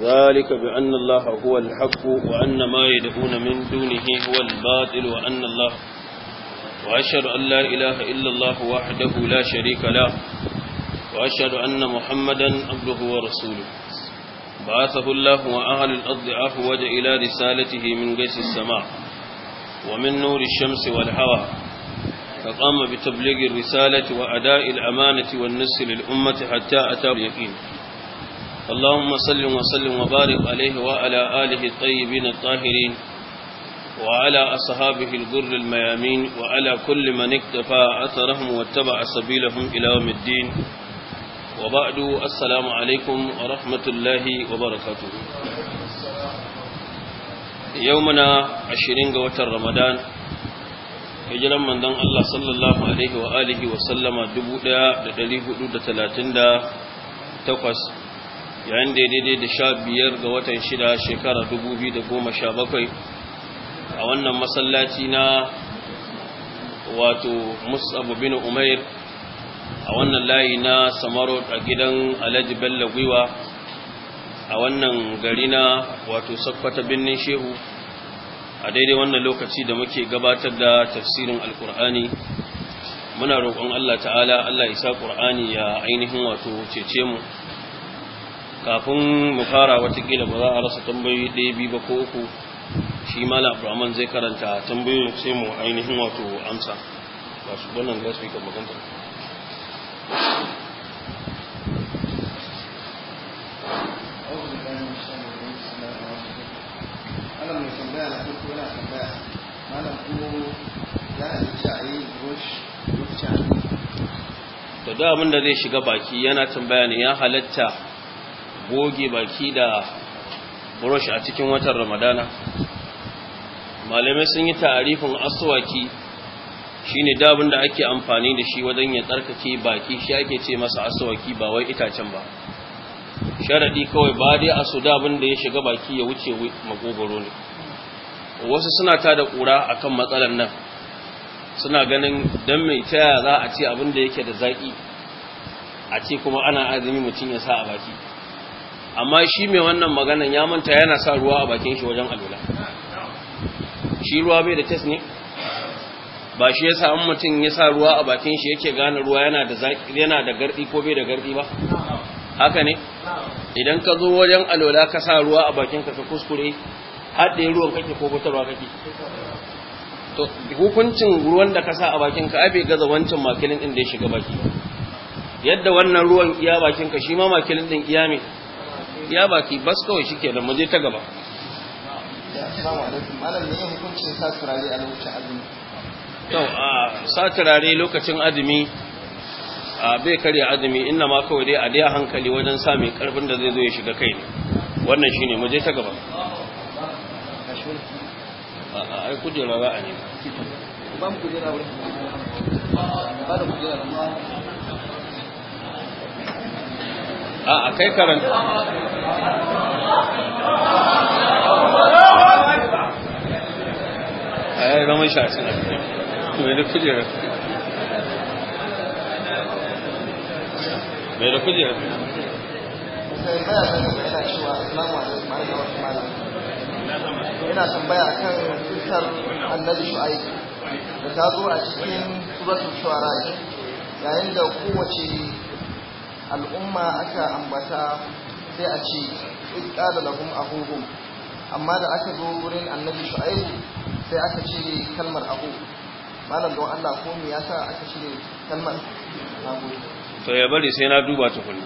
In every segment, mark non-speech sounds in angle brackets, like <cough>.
ذلك بأن الله هو الحق وأن ما يدعون من دونه هو الباطل وأن الله وأشهد أن لا إله إلا الله وحده لا شريك له وأشهد أن محمدا عبده ورسوله بعثه الله وأهل الأرض أفوج إلى رسالته من قيس السماء ومن نور الشمس والهوى فقام بتبليغ الرسالة وأداء الأمانة والنصر للأمة حتى أتى اليقين اللهم صل وسلم وبارك عليه وعلى آله الطيبين الطاهرين وعلى أصحابه الجر الميامين وعلى كل من اكتفى أثرهم واتبع سبيلهم إلى يوم الدين وبعد السلام عليكم ورحمة الله وبركاته يومنا عشرين قوة رمضان hijiran manzon Allah sallallahu alaihi wa alihi wa sallama 1438 yayin da daidai da sha biyar ga watan shida shekara dubu biyu da goma sha bakwai a wannan masallaci na wato musabu bin umair a wannan layi na samaro a gidan alhaji bello gwiwa a wannan gari na wato sakkwata birnin shehu a daidai wannan lokaci da muke gabatar da tafsirin alkur'ani muna roƙon allah ta'ala allah isa ƙur'ani ya ainihin wato cece mu kafin mu fara watakila ba za a rasa tambayi ɗaya biyu ba ko uku shi mala abraman zai karanta tambayoyin sai mu ainihin wato amsa ba su wannan za su yi kamar da da abin da zai shiga baki yana tambaya ne ya halatta goge baki da brush a cikin watan ramadana malamai sun yi tarifin aswaki shine dabin da ake amfani da shi wajen ya tsarkake baki shi ake ce masa aswaki ba wai itacen ba sharaɗi kawai ba dai a su dabin da ya shiga baki ya wuce magogoro ne wasu suna ta da a kan matsalar nan suna ganin don mai taya za a ce abin da yake da zaƙi a ce kuma ana azumi mutum ya sa a baki amma shi mai wannan maganan ya manta yana sa ruwa a bakin shi wajen alula shi ruwa bai da tes ne ba shi ya an mutum ya sa ruwa a bakin shi yake gane ruwa yana da gardi ko bai da gardi ba haka ne idan ka zo wajen alula ka sa ruwa a bakin ka kuskure haɗe ruwan kake ko fitarwa kake to hukuncin ruwan da ka sa a bakin ka abe gaza wancan makilin din da ya shiga baki yadda wannan ruwan iya bakin ka shi ma makilin din iya me ya baki bas kawai shi shikenan mu je ta gaba assalamu alaikum malam ne hukuncin sa a lokacin azumi to a sa turare lokacin azumi a bai karya azumi inna ma kawai dai a daya hankali wajen sa mai karfin da zai zo ya shiga kai ne wannan shine mu je ta gaba a ai kujera za a ne ba mu kujera wurin ba da kujera a kai karanta a yi raman shashi na mai da kujera mai da kujera yana tambaya a kan kisar annabi shu'aib da ta zo a cikin suratul shu'ara yayin da kowace al'umma aka ambata sai a ce da lahum ahuhum amma da aka zo wurin annabi shu'aibu sai aka cire kalmar abu. malam don Allah ko me yasa aka cire kalmar abu to ya bari sai na duba tukunna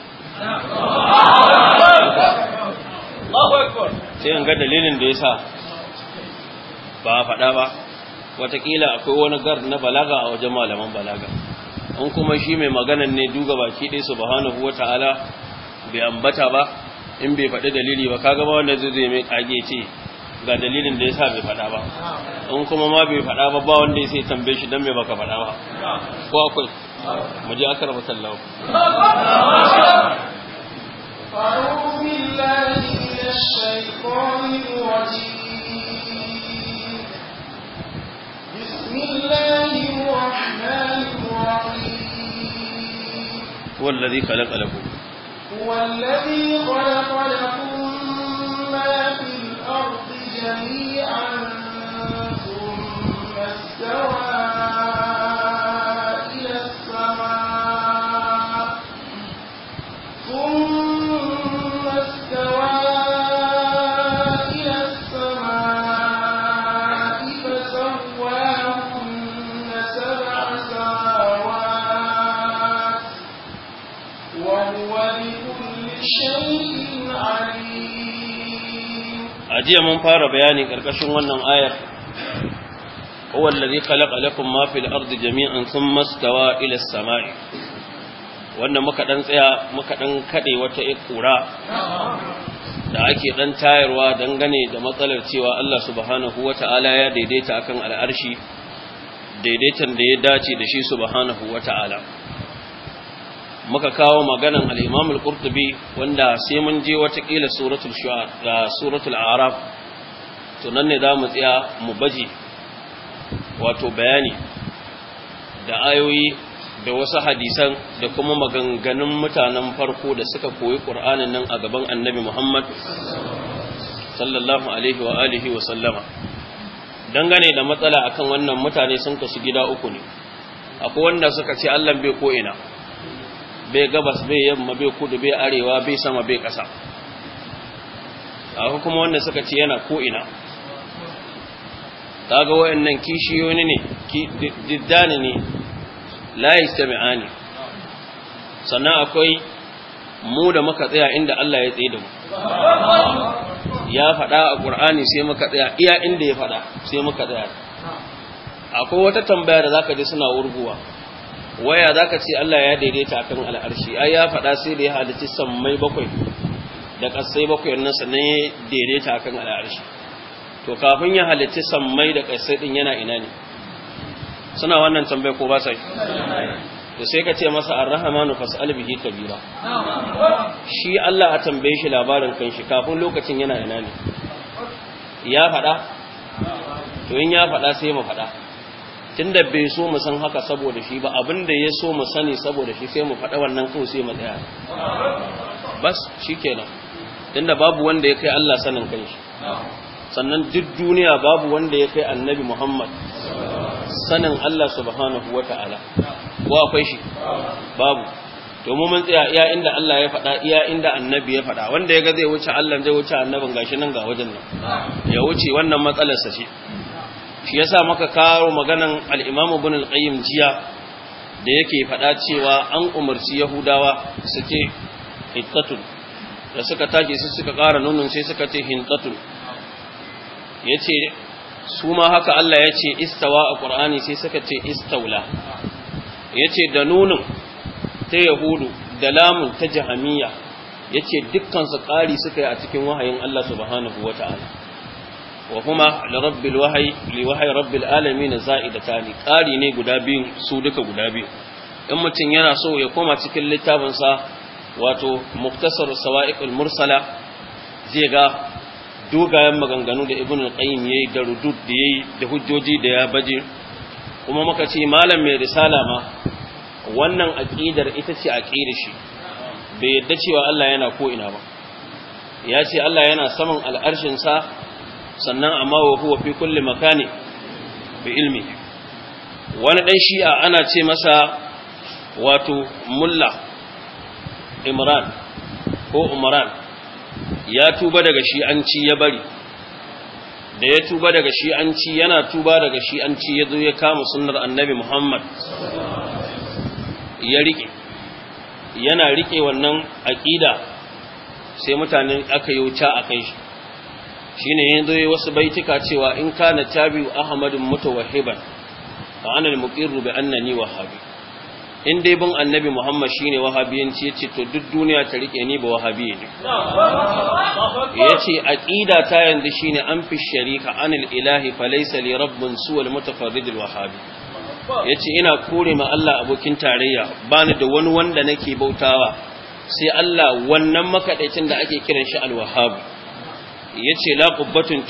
Allahu sai an ga dalilin da yasa ba faɗa ba watakila akwai wani gar na balaga a wajen malaman balaga in kuma shi mai maganan ne duga baki ɗaya subhanahu ta'ala bai ambata ba in bai faɗi dalili ba ka ba wanda zai mai ƙage ce ga dalilin da ya sa bai faɗa ba in kuma ma bai faɗa ba ba wanda ya sai tambaye shi dan mai baka faɗa ba ko akwai mu ji akar masallahu بسم الله الرحمن الرحيم هو الذي خلق لكم هو الذي خلق لكم ما في الأرض جميعا ثم استوى ajiya mun fara bayani karkashin wannan ayar huwa allazi khalaqa lakum ma fil ardi jami'an thumma stawa ila as-sama'i wannan muka dan tsaya muka dan kade wata ikura da ake ɗan tayarwa dangane da matsalar cewa Allah subhanahu wata'ala ya daidaita akan al'arshi daidaitan da ya dace da shi subhanahu wata'ala muka kawo maganan al-Imam wanda sai mun je watakila suratul shu'ara da suratul a'raf to nan ne zamu tsaya mu baje wato bayani da ayoyi da wasu hadisan da kuma maganganun mutanen farko da suka koyi Qur'anin nan a gaban Annabi Muhammad sallallahu alaihi wa alihi wa sallama dangane da matsala akan wannan mutane sun kasu gida uku ne akwai wanda suka ce Allah bai ko ina bai gabas bai yamma bai kudu bai arewa bai sama bai ƙasa a kuma wanda suka ce yana ko'ina kaga wayannan wani ne diddani ne la yastami'ani sannan akwai mu da muka tsaya inda Allah ya tsaye da mu ya faɗa a Qur'ani sai muka tsaya iya inda ya faɗa sai muka tsaya akwai wata tambaya da zaka ji suna wurguwa waya za ka ce Allah ya daidaita a kan al'arshi ai ya faɗa sai da ya halitti sammai bakwai da ƙasai bakwai nan sannan ne daidaita a kan al'arshi to kafin ya halitti sammai da ƙasai ɗin yana ina ne suna wannan tambaye ko ba sai? to da sai ka ce masa arrahamanu fas'al bihi kabira shi Allah a tambaye shi labarin kanshi kafin lokacin yana ina ne ya faɗa to in ya faɗa sai mu faɗa tunda bai so mu san haka saboda shi ba abinda ya so mu sani saboda shi sai mu faɗa wannan kawai sai mu tsaya bas shikenan tunda babu wanda ya kai Allah sanin kanshi sannan duk duniya babu wanda ya kai annabi Muhammad sanin Allah subhanahu wata'ala ko akwai shi babu to mu mun tsaya iya inda Allah ya faɗa iya inda annabi ya faɗa wanda ya ga zai wuce Allah zai wuce annabin gashi nan ga wajen nan ya wuce wannan matsalar sa shi shi yasa muka kawo maganan al-Imam Ibn al-Qayyim jiya da yake faɗa cewa an umarci Yahudawa suke hittatun da suka take su suka ƙara nunun sai suka ce hintatul yace su ma haka Allah yace istawa a Qur'ani sai suka ce istaula yace da nunun ta Yahudu da lamun ta Jahamiyya yace dukkan su ƙari suka yi a cikin wahayin Allah subhanahu wata'ala وهما لرب الوحي لوحي رب العالمين زائدتان قاري ne guda biyu su duka guda biyu in mutun yana so ya koma cikin littafin sa wato muktasar sawa'iqul mursala zai ga dogayen maganganu da ibn al-qayyim yayi da rudud da yayi da hujjoji da ya baje kuma muka ce malam mai risala ma wannan aqidar ita ce aqidar shi bai yadda cewa Allah yana ko ina ba ya ce Allah yana saman al'arshin sa sannan amma wa huwa fi kulli makani bi ilmi wani dan shi'a ana ce masa wato mulla imran ko umran ya tuba daga shi'anci ya bari da ya tuba daga shi'anci yana tuba daga shi'anci ya zo ya kama sunnar annabi muhammad ya rike yana rike wannan aƙida sai mutane aka yi wuta a kai shi shine yanzu yayi wasu baitika cewa in kana mutu wa mutawahhiban fa ana al-muqirru bi annani wahhabi in dai bin annabi muhammad shine wahabiyanci yace to duk duniya ta rike ni ba wahabi ne yace aqida ta yanzu shine an fi sharika anil ilahi fa laysa li rabbun suwal mutafarrid al Ya yace ina kore ma Allah abokin tarayya bani da wani wanda nake bautawa sai Allah wannan makaɗaicin da ake kiran shi al wahabi yace la qubbatun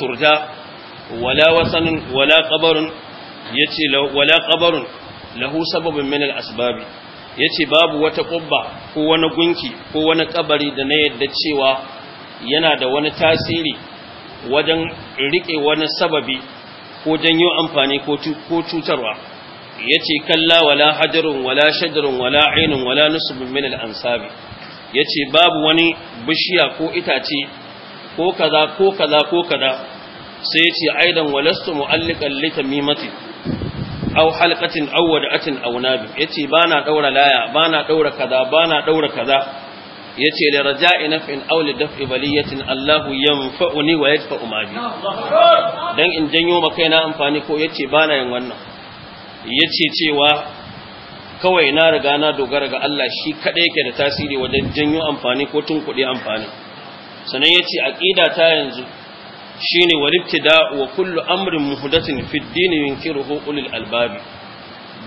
wala wasanun wala qabarun yace wala lahu sababun min al-asbab yace babu wata ƙubba ko wani gunki ko wani ƙabari da na yadda cewa yana da wani tasiri wajen riƙe wani sababi ko janyo amfani ko cutarwa yace kalla wala hajarun wala shajarun wala ainun wala nusbun min al-ansabi yace babu wani bishiya ko itace ko kaza ko kaza ko kaza sai ya ce aidan walastu mu'allikan litamimati aw halqatin aw wada'atin aw nabi yace bana daura laya bana daura kaza bana daura kaza yace li raja'i naf'in aw li daf'i baliyatin Allah yanfa'uni wa yadfa'u ma bi dan in janyo makai na amfani ko yace bana yin wannan yace cewa kawai na riga na dogara ga Allah shi kadai yake da tasiri wajen janyo amfani ko tun kuɗi amfani sanan yace aqida ta yanzu shine walibtida wa kullu amrin muhdathin fid din yunkiruhu ulul albabi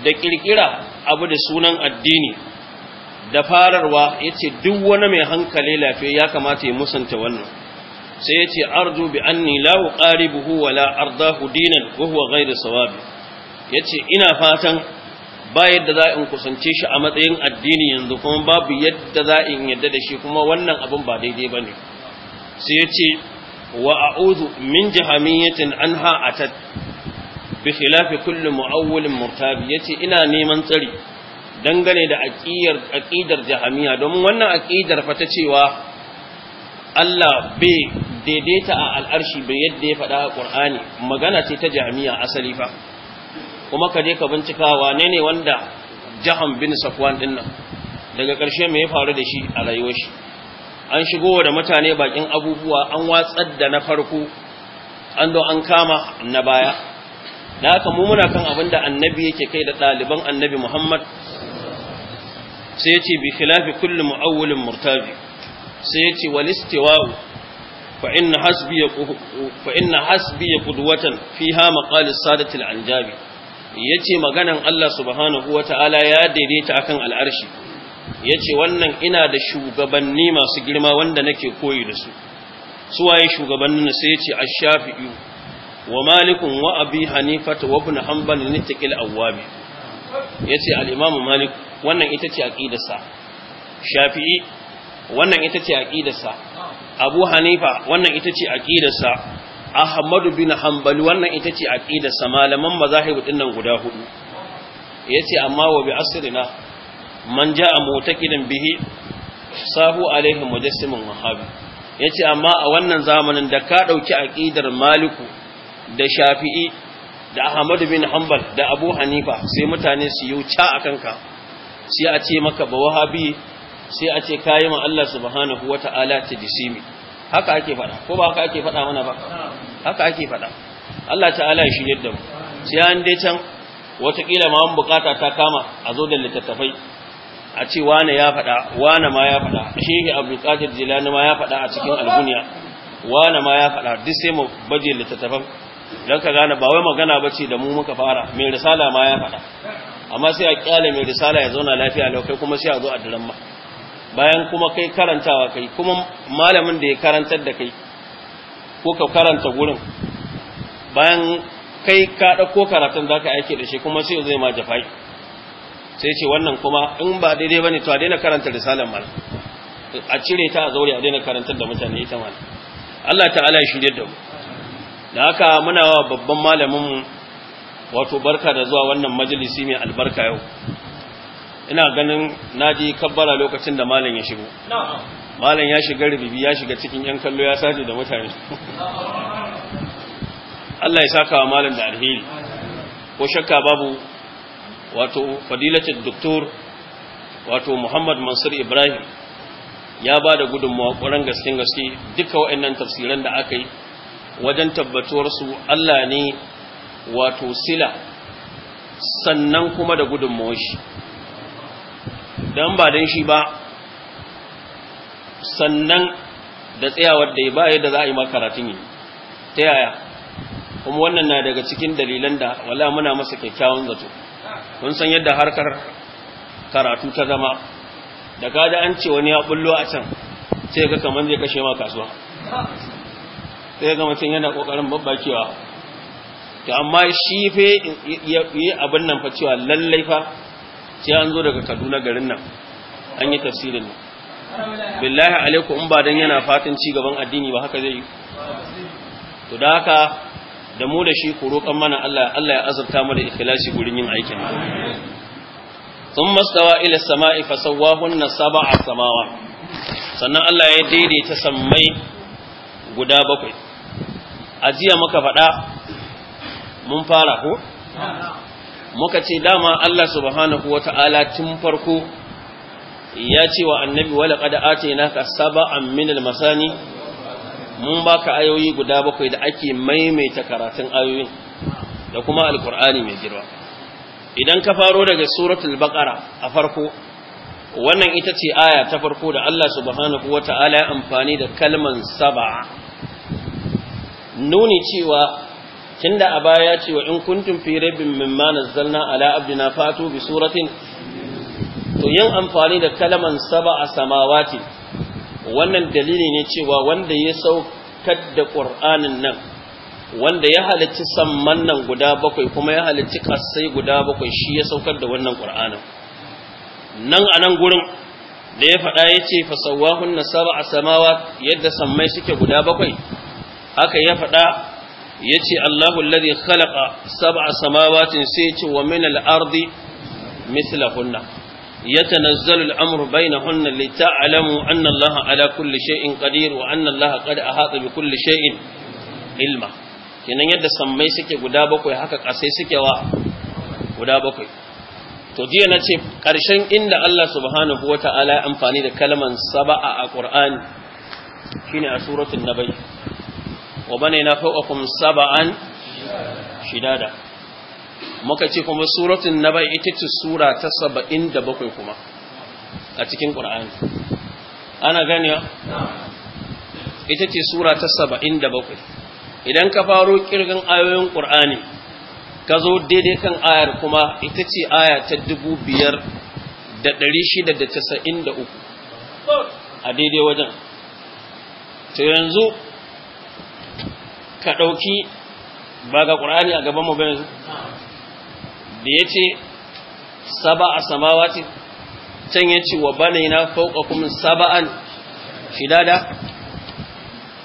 da ƙirƙira abu da sunan addini da fararwa yace duk wani mai hankali lafiya ya kamata ya musanta wannan sai yace arju bi anni la uqaribuhu wa la ardahu dinan wa huwa ghayru sawabi yace ina fatan ba yadda za in kusance shi a matsayin addini yanzu kuma babu yadda za in yadda da shi kuma wannan abun ba daidai ba ne sai ya ce wa a'udhu min jahamiyatin anha atat bi khilafi kulli mu'awwilin murtabi Ya ce ina neman tsari dangane da aƙidar aqidar jahamiya domin wannan aƙidar fa ta cewa Allah bai daidaita a al'arshi bai yadda ya faɗa a Qur'ani magana ce ta jahamiya asali fa kuma ka je ka bincika wane ne wanda Jaham bin Safwan din daga ƙarshe mai ya faru da shi a rayuwar shi an shigo da mutane bakin abubuwa an watsar da na farko an do an kama na baya da haka mu muna kan abin da annabi yake kai da ɗaliban annabi muhammad sai ce bi khilafi kullum mu'awwilin murtabi sai ce wal fa inna hasbi ya fa inna hasbi qudwatan fiha maqal as al-anjabi yace maganan Allah subhanahu wata'ala ya daidaita akan al'arshi ya ce wannan ina da shugabanni masu girma wanda nake koyi da su suwaye shugabannin sai ya ce a shafi'i wa malikun wa abi hanifata wa bin hanbalin nitakil awwabi ya ce al'imamu malik wannan ita ce aƙidarsa shafi'i wannan ita ce aƙidarsa abu hanifa wannan ita ce aƙidarsa ahmadu bin hanbali wannan ita ce aƙidarsa malaman mazahibu ɗin nan guda hudu ya ce amma wa bi asirina man ja'a mutakidan bihi sahu alaihi mujassimin wahabi yace amma a wannan zamanin da ka dauki aqidar maliku da shafi'i da ahmad bin hanbal da abu hanifa sai mutane su yi ca akan ka sai a ce maka ba wahabi sai a ce kayi ma Allah subhanahu wata'ala tajdisimi haka ake fada ko ba haka ake fada mana ba haka ake fada Allah ta'ala ya shiryar da mu sai an dai can wataƙila ma mun bukata ta kama a zo da littattafai a ce wane ya faɗa wane ma ya faɗa shehi abdulkadir jilani ma ya faɗa a cikin alguniya wane ma ya faɗa duk sai mu baje littattafan don ka gane ba wai magana ba ce da mu muka fara mai risala ma ya faɗa amma sai a kyale mai risala ya zauna lafiya lau kai kuma sai a zo a diran ma bayan kuma kai karantawa kai kuma malamin da ya karantar da kai ko ka karanta gurin bayan kai ka ɗauko karatun za ka aiki da shi kuma sai zai ma jafai sai ce wannan kuma in ba daidai bane to a daina karanta risalar mana a cire ta a zaure a daina karantar da mutane ita mana Allah ta'ala ya shirye da mu da haka muna wa babban malamin wato barka da zuwa wannan majalisi mai albarka yau ina ganin naji kabbara lokacin da malam ya shigo malam ya shiga rububi ya shiga cikin yan kallo ya saje da mutane <laughs> Allah ya saka wa malam da alheri ko shakka babu wato fadilatul doktor wato Muhammad Mansur Ibrahim ya ba da gudunmawa ƙuran gaskin gaske duka waɗannan tafsiran da aka yi wajen tabbatuwarsu Allah ne wato sila sannan kuma da gudunmawar shi don ba don shi ba sannan da tsayawar da ya ba yadda za a yi makaratun yi ta yaya kuma wannan na daga cikin dalilan da wala muna masa kyakkyawan zato kun san yadda harkar karatu ta zama da kada an ce wani ya bullo a can sai ga kamar zai kashe ma kasuwa sai ga mutum yana kokarin babbakewa to amma shi fe yi abin nan fa cewa lallai fa sai an zo daga Kaduna garin nan an yi tafsirin billahi alaikum in ba dan yana fatan ci gaban addini ba haka zai yi to da haka da mu da shi ku roƙan mana Allah Allah ya azurta mu da ikhlasi gurin yin aikin thumma stawa ila samai fasawahunna sab'a samawa sannan Allah ya daidaita sammai guda bakwai ajiya muka faɗa mun fara ko muka ce dama Allah subhanahu wata'ala tun farko ya ce wa annabi wala qad atainaka sab'an min al-masani mun baka ayoyi guda bakwai da ake maimaita karatun ayoyin da kuma alkur'ani mai girma idan ka faro daga suratul baqara a farko wannan ita ce aya ta farko da Allah subhanahu wata'ala ya amfani da kalman sab'a nuni cewa tunda a baya ce cewa in kuntum fi rabbin mimma nazzalna ala abdina fatu bi suratin to yin amfani da kalman sab'a samawati wannan dalili ne cewa wanda ya saukar da ƙur'anin nan wanda ya halicci samman nan guda bakwai kuma ya halicci ƙasai guda bakwai shi ya saukar da wannan ƙur'anin nan a nan gurin da ya faɗa ya ce fasawahun hunna saba a samawa yadda sammai suke guda bakwai haka ya faɗa ya ce allahu ladi khalaka saba a samawatin sai ce wa min al'ardi mislahunna يتنزل الأمر بينهن لتعلموا أن الله على كل شيء قدير وأن الله قد أحاط بكل شيء علما kenan yadda sammai suke guda bakwai haka ƙasai suke wa guda bakwai to jiya na ce ƙarshen inda Allah subhanahu wa ta'ala ya amfani da kalman saba'a a ƙur'ani shine a suratul nabai wa bane na fawqakum saba'an shidada muka ce kuma suratun na bai ita ce sura ta saba'in da bakwai kuma a cikin ƙura'ani ana ganewa ita ce sura ta saba'in da bakwai idan ka faro ƙirgin ayoyin ƙur'ani ka zo daidai kan ayar kuma ita ce aya ta dubu biyar da ɗari shida da tasa'in da uku a daidai wajen to yanzu ka ɗauki ba ga ƙur'ani a gaban mu ba yanzu da ya ce saba a samawati can ya ce wa bane na fauka kuma saba'an dada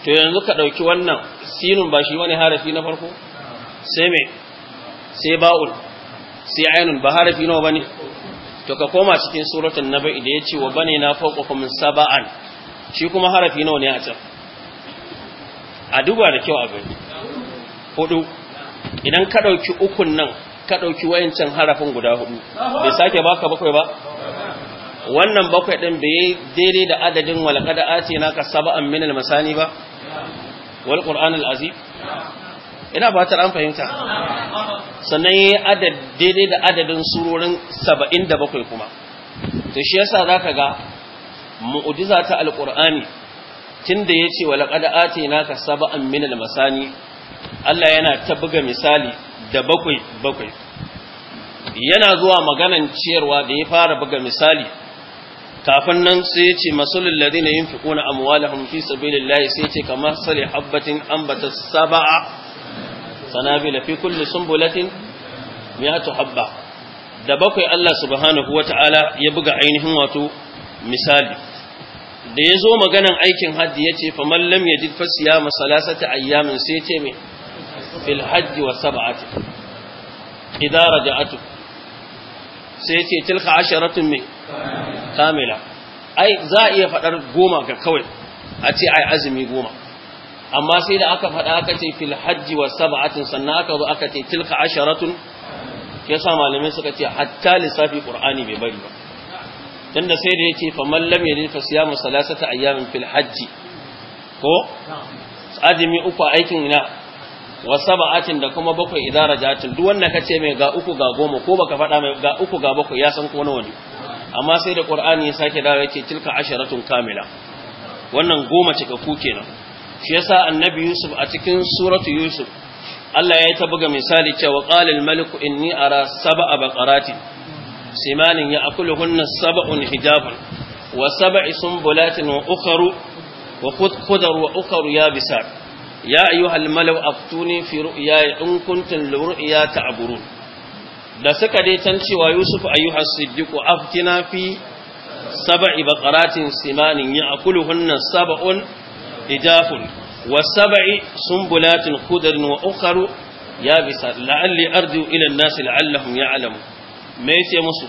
to yanzu ka ɗauki wannan sinun ba shi wani harafi na farko sai mai sai ba'ul sai ainun ba harafi nawa bane to ka koma cikin na ba'i da ya ce wa bane na fauka kuma saba'an shi kuma harafi nawa ne a can a duba da kyau abin hudu idan ka ɗauki ukun nan ka ɗauki wayancin harafin guda hudu bai sake baka bakwai ba wannan bakwai ɗin bai yi daidai da adadin walƙada ati na ka saba'an minal masani ba wal qur'an azim ina ba ta an fahimta sannan yi adad daidai da adadin surorin 77 kuma to shi yasa zaka ga mu'jiza ta alqur'ani tunda yace wa laqad na ka an minal masani Allah yana ta buga misali da bakwai bakwai yana zuwa maganan ciyarwa da ya fara buga misali kafin nan sai ya ce masalul ladina yunfiquna amwalahum fi lillahi sai ya ce kamar sali habbatin ambata sab'a sanabila fi bulatin ya mi'atu habba da bakwai Allah subhanahu Ta'ala ya buga ainihin wato misali da ya zo maganan aikin haddi ya ce faman ya yajid fasiya ta ayyamin sai ya ce me fil hajji wa sab'ati idza raja'atu sai ce tilka asharatun min kamila ai za iya faɗar goma ga kawai a ce ai azumi goma amma sai da aka fada aka ce fil hajji wa sab'atin sannan aka zo aka ce tilka asharatun yasa malamai suka ce hatta lissafi qur'ani bai bari ba tunda sai da yace fa man lam yajid fa salasata ayyamin ko azumi uku aikin ina wa sab'atin da kuma bakwai idara jatin duk wanda kace mai ga uku ga goma ko baka faɗa mai ga uku ga bakwai ya san ko nawa ne amma sai da qur'ani ya sake dawo yake tilka asharatun kamila wannan goma cikakku kenan shi yasa annabi yusuf a cikin suratu yusuf Allah ya ta buga misali cewa qala maliku inni ara sab'a baqaratin simanin ya'kuluhunna sab'un hijabun wa sab'i sumbulatin wa ukharu wa khudar wa ukharu yabisat ya ayyuhal malau aftuni fi ru'yaya in kuntum ru'ya ta'burun da suka dai tan cewa yusuf ayyuhas siddiq aftina fi sab'i baqaratin simanin ya'kuluhunna sab'un idafun wa sab'i sumbulatin khudrin wa ukharu bisa. la'alli arju ila an-nas la'allahum ya'lamun me yace musu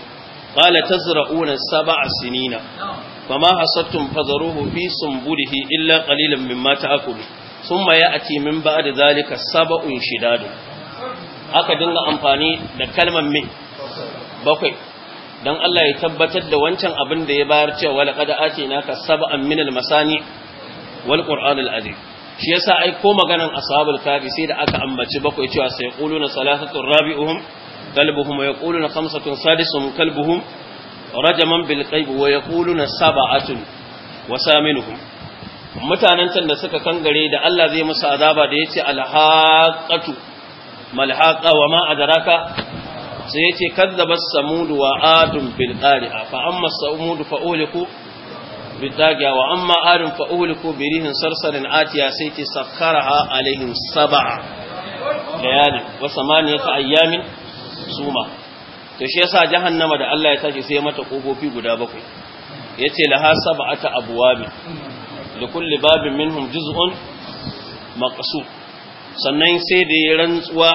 qala tazra'una sab'a sinina fama hasattum fadharuhu fi sumbulihi illa qalilan mimma ta'kulun Sun a ya'ti min zali zalika sab'un shidadu aka dinga amfani da kalmar min bakwai don Allah ya tabbatar da wancan abin da ya bayar cewa laqad atinaka sab'an min al-masani wal qur'an al shi yasa ai ko maganan ashabul kafi sai da aka ambaci bakwai cewa sai quluna salasatun rabi'uhum kalbuhum wa yaquluna khamsatun sadisuhum kalbuhum rajaman bil qayb wa yaquluna sab'atun wa saminuhum mutanen can da suka kangare da Allah zai musu azaba da yace alhaqatu malhaqa wa ma adraka sai yace kazzabat samud wa adun bil qari'a fa amma samud fa uliku bitaga wa amma adun fa uliku bi rihin sarsarin atiya sai yace sakharaha alaihim sab'a layali wa samaniyata ayamin suma to shi yasa jahannama da Allah ya tashi sai mata ƙofofi guda bakwai yace laha sab'ata abwabi Da kulle babin minhum juz'un maqsu sannan sai da ya rantsuwa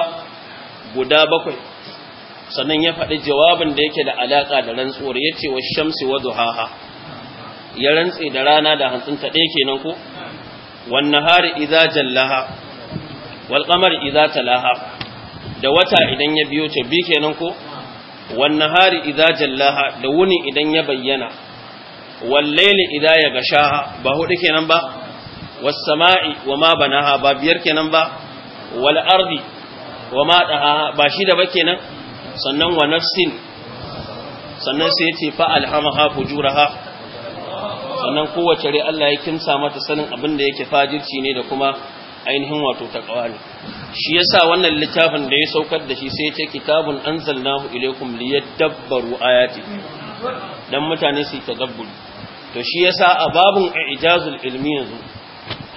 guda bakwai sannan ya faɗi jawabin da yake da alaƙa da rantsuwar ya ce wa shamsi wa duhaha ya rantse da rana da ta ɗaya kenan ko wannan hari idza jallaha wal qamar idza talaha da wata idan ya biyo ce bi kenan ko wannan hari iza jallaha da wuni idan ya bayyana idan ya idza yaghsha ba hudu kenan ba was sama'i wa wama banaha ba biyar kenan ba wal ardi wama daha ba shi da ba kenan sannan wa nafsin sannan sai yace fa alhamaha fujuraha sannan kowace rai Allah ya kimsa mata sanin abin da yake fajirci ne da kuma ainihin wato taqwa ne shi yasa wannan littafin da ya saukar da shi sai ya ce kitabun anzalnahu ilaykum liyadabbaru ayati dan mutane su yi tadabburi to shi yasa a babun ijazul ilmi yanzu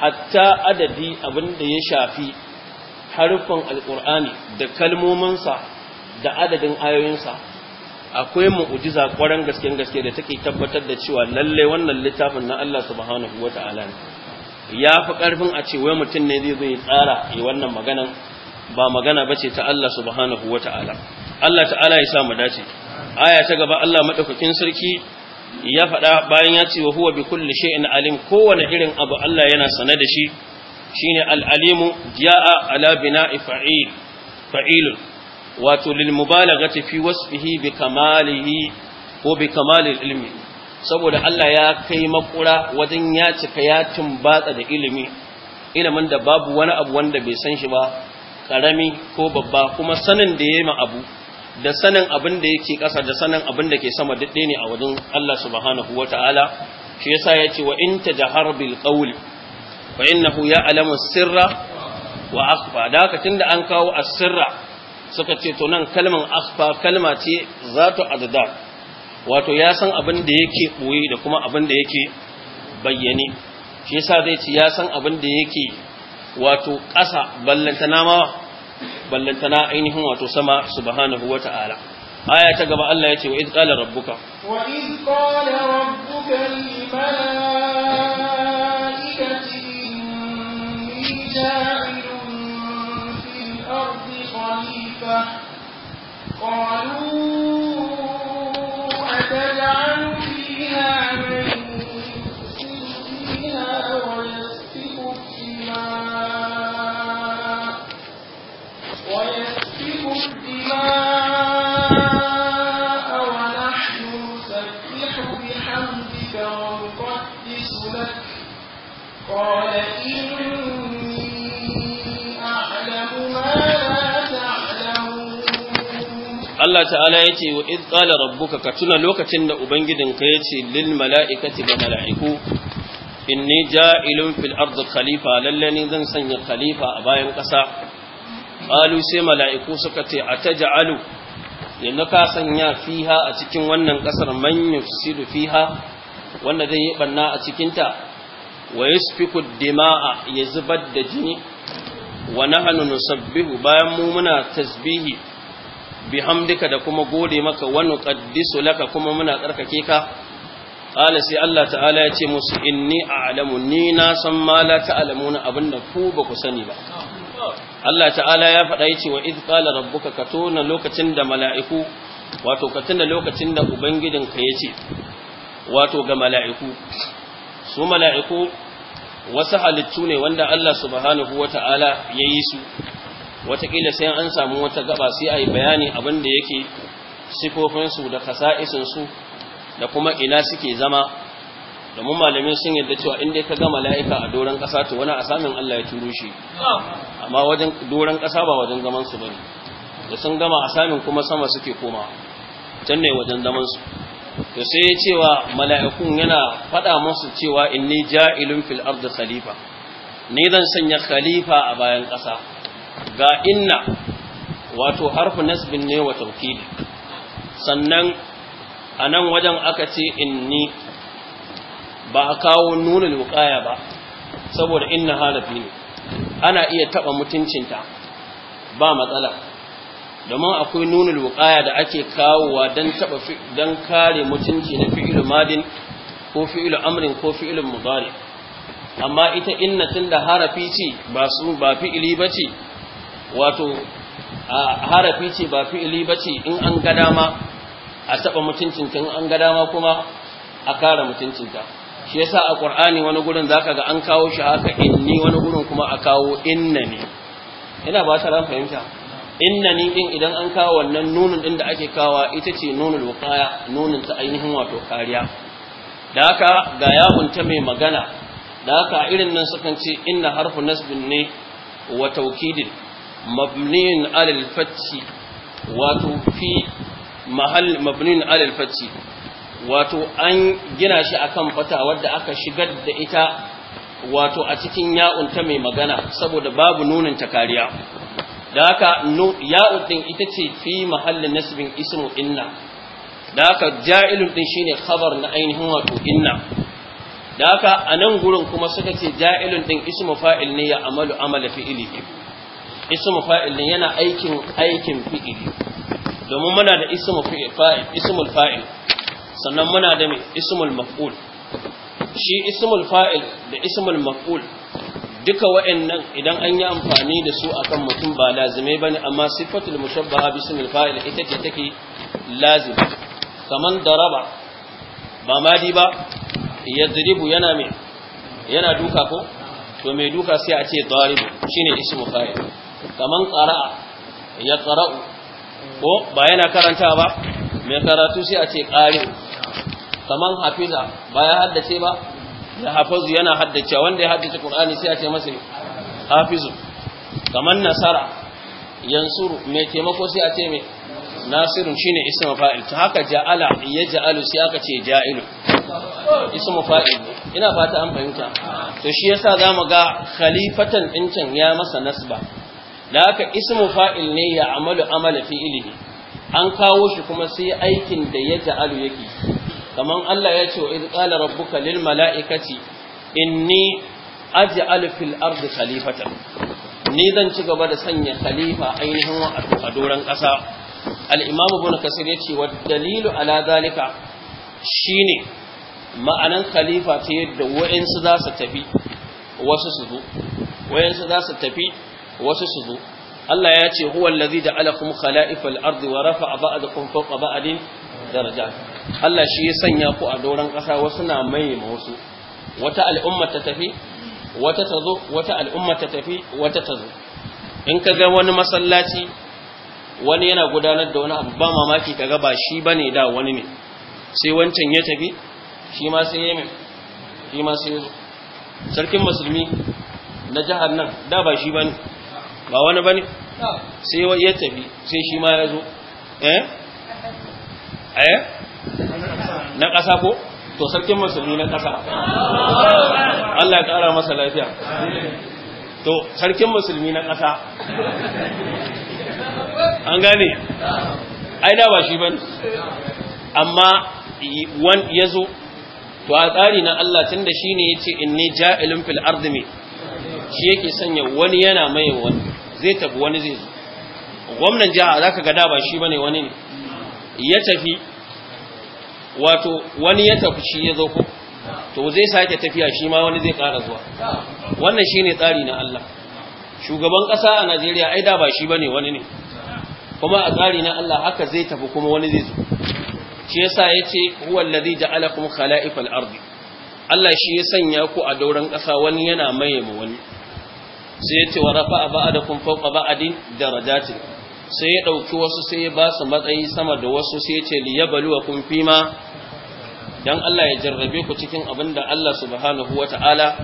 hatta adadi abin da ya shafi harfin alkur'ani da kalmominsa da adadin ayoyinsa akwai mu'ujiza kwaran gasken gaske da take tabbatar da cewa lallai wannan littafin na Allah subhanahu wata'ala ne ya fi ƙarfin a ce wai mutum ne zai zai tsara yi wannan maganan ba magana bace ta Allah subhanahu wata'ala Allah ta'ala ya sa mu dace aya ta gaba Allah madaukakin sarki ya faɗa bayan ya ce wa huwa bi kulli shay'in alim kowane irin abu Allah yana sane da shi shine al-alimu ja'a ala bina'i fa'il fa'ilun wato lil mubalaghati fi wasfihi bi kamalihi ko bi kamalil ilmi saboda Allah ya kai makura wajen ya cika ya tumbatsa da ilimi ilimin da babu wani abu wanda bai san shi ba karami ko babba kuma sanin da yayi ma abu da sanin abin da yake ƙasa da sanin abin da ke sama daɗe ne a wajen Allah subhanahu wa ta'ala shi sa ya ce wa in ta jahar bil ƙauli innahu ya alamu sirra wa akhfa da haka an kawo asirra suka ce to nan kalman akhfa kalma ce zato adda wato ya san abin da yake boye da kuma abin da yake bayyane shi sa zai ce ya san abin da yake wato ƙasa ballantana ma ballantana ainihin wato sama subhanahu wata'ala aya ta gaba Allah yace wa id qala rabbuka wa id qala rabbuka lil malaikati inni ja'ilun fil ardi khalifa qalu Allah ta'ala ya ce wa iz qala rabbuka ka tuna lokacin da ubangidinka ya ce lil mala'ikati ga mala'iku inni ja'ilun fil ardi khalifa lalle ne zan sanya khalifa a bayan ƙasa qalu sai mala'iku suka ce ataj'alu yanzu ka sanya fiha a cikin wannan ƙasar man yufsidu fiha wanda zai yi banna a cikinta wa dima'a ya zubar da jini wa nahnu nusabbihu bayan mu muna tasbihi bihamdika da kuma gode maka wa nuqaddisu laka kuma muna tsarkake ka qala sai Allah ta'ala ya ce musu inni a'lamu ni na san ma la ta'lamuna abinda ku ba ku sani ba Allah ta'ala ya faɗa yace wa iz qala rabbuka katuna lokacin da mala'iku wato katuna lokacin da ubangijinka yace wato ga mala'iku su mala'iku wasu halittu ne wanda Allah subhanahu wata'ala ya yi su Wataƙila sai an samu wata gaba sai a yi bayani abin da yake sifofinsu da kasa'isinsu da kuma ina suke zama mun malamai sun yadda cewa inda ka ga mala'ika a doron ƙasa to wani a samun Allah ya turo shi amma wajen doron ƙasa ba wajen zaman su ne, da sun gama a samun kuma sama suke koma can ne wajen zaman su to sai ya cewa mala'ikun yana faɗa musu cewa inni ja'ilun fil ardi khalifa ni zan sanya khalifa a bayan ƙasa ga inna wato harfu nasbin ne wa Taukili? sannan a nan wajen aka ce inni ba a kawo nuna lokaya ba saboda inna harafi ne ana iya taɓa mutuncinta ba matsala domin akwai nuna wuqaya da ake kawowa don taba don kare mutunci na Fi'ilu madin ko Fi'ilu amrin ko Fi'ilu mudari amma ita inna da harafi ce ba su ba fi'ili bace wato harafi ce ba fi'ili ce in an ga dama a taba mutuncinta in an ga dama kuma a kare mutuncinta shi yasa a qur'ani wani gurin zaka ga an kawo shi haka inni wani gurin kuma a kawo inna ne ina ba ta ran fahimta inna ni din idan an kawo wannan nunun din da ake kawo ita ce nunul wuqaya nunun ta ainihin wato kariya da haka ga yawun ta mai magana da haka irin nan sukan ce inna harfu nasbin ne wa tawkidin mabniin alal fathi wato fi mahall mabniin alal fathi wato an gina shi akan fata wadda aka shigar da ita wato a cikin yaunta ta mai magana saboda babu nunin ta kariya da nu ya'un din ita ce fi mahallin nasibin ismu inna da haka ja'ilun din shine khabar na ainihin wato inna da haka a nan gurin kuma suka ce ja'ilun din ismu fa'il ne ya amalu amala fi'ili ismu fa'il ne yana aikin aikin fi'ili domin muna da ismu fa'il ismul fa'il sannan muna da mai ismul maf'ul shi ismul fa'il da ismul maf'ul duka wa'annan idan an yi amfani da su akan mutum ba lazimai bane amma sifatul mushabbaha bismil fa'il ita ce take lazim kaman daraba ba madi ba yadribu yana me yana duka ko to mai duka sai a ce daribu shine ismu fa'il kaman qara'a ya qara'u ko ba yana karanta ba mai karatu sai a ce qari'u kaman hafiza ba ya haddace ba ya yana haddace wanda ya haddace Qur'ani sai a ce masa hafizu kamar nasara yansuru mai taimako sai a ce mai nasirun shine ismu fa'il to haka ja'ala ya ja'alu sai aka ce ja'ilu ismu fa'il ina fata an fahimta to shi yasa zamu ga khalifatan incin ya masa nasba da haka ismu fa'il ne ya amalu amala fi'ilihi an kawo shi kuma sai aikin da ya ja'alu yake kaman Allah ya ce wa idh qala rabbuka lil in inni aj'al fil ardi khalifatan ni zan ci gaba da sanya khalifa ainihin a doron ƙasa al-imamu kasir ya ce wa dalilu ala zalika ne ma'anan khalifa ta yadda wa'ansu za su tafi wasu su zo wa'ansu za su tafi wasu su zo Allah ya ce huwa allazi ja'alakum khala'ifal ardi wa a ba'dakum fawqa ba'din darajat Allah shi ya sanya ku a doron ƙasa wasu na mai wasu wata al'umma ta tafi wata ta zo wata al'umma ta tafi wata ta zo in ka ga wani masallaci wani yana gudanar da wani abu ba mamaki ka ba shi ba ne da wani ne sai wancan ya tafi shi ma sai ya shi ma sai ya zo sarkin musulmi na jihar nan da ba shi ba ne ba wani ba ne sai ya tafi sai shi ma ya zo eh eh na ƙasa ko to sarkin musulmi na ƙasa Allah ya ƙara masa lafiya to sarkin musulmi na ƙasa an gane ai da ba shi bane amma wan ya zo, to a tsari na Allah tun da shi ne ya ce in ne ja fil ardi shi yake sanya wani yana mai wani zai tafi wani zai zo gwamnan jiha za ga da ba shi bane wani ne ya tafi wato wani ya tafi shi ya zo ku to zai sake tafiya shi ma wani zai ƙara zuwa wannan shine tsari na Allah shugaban ƙasa a Najeriya ai da ba shi bane wani ne kuma a tsari na Allah haka zai tafi kuma wani zai zo shi yasa yace huwa allazi ja'alakum khala'ifal ardi Allah shi ya sanya ku a dauran ƙasa wani yana maye mu wani sai yace wa rafa'a ba'adakum fawqa ba'adin darajatin sai ya ɗauki wasu sai ya ba su matsayi sama da wasu sai ya ce liyabaluwa kun fima don Allah ya jarrabe ku cikin abin da Allah subhanahu wa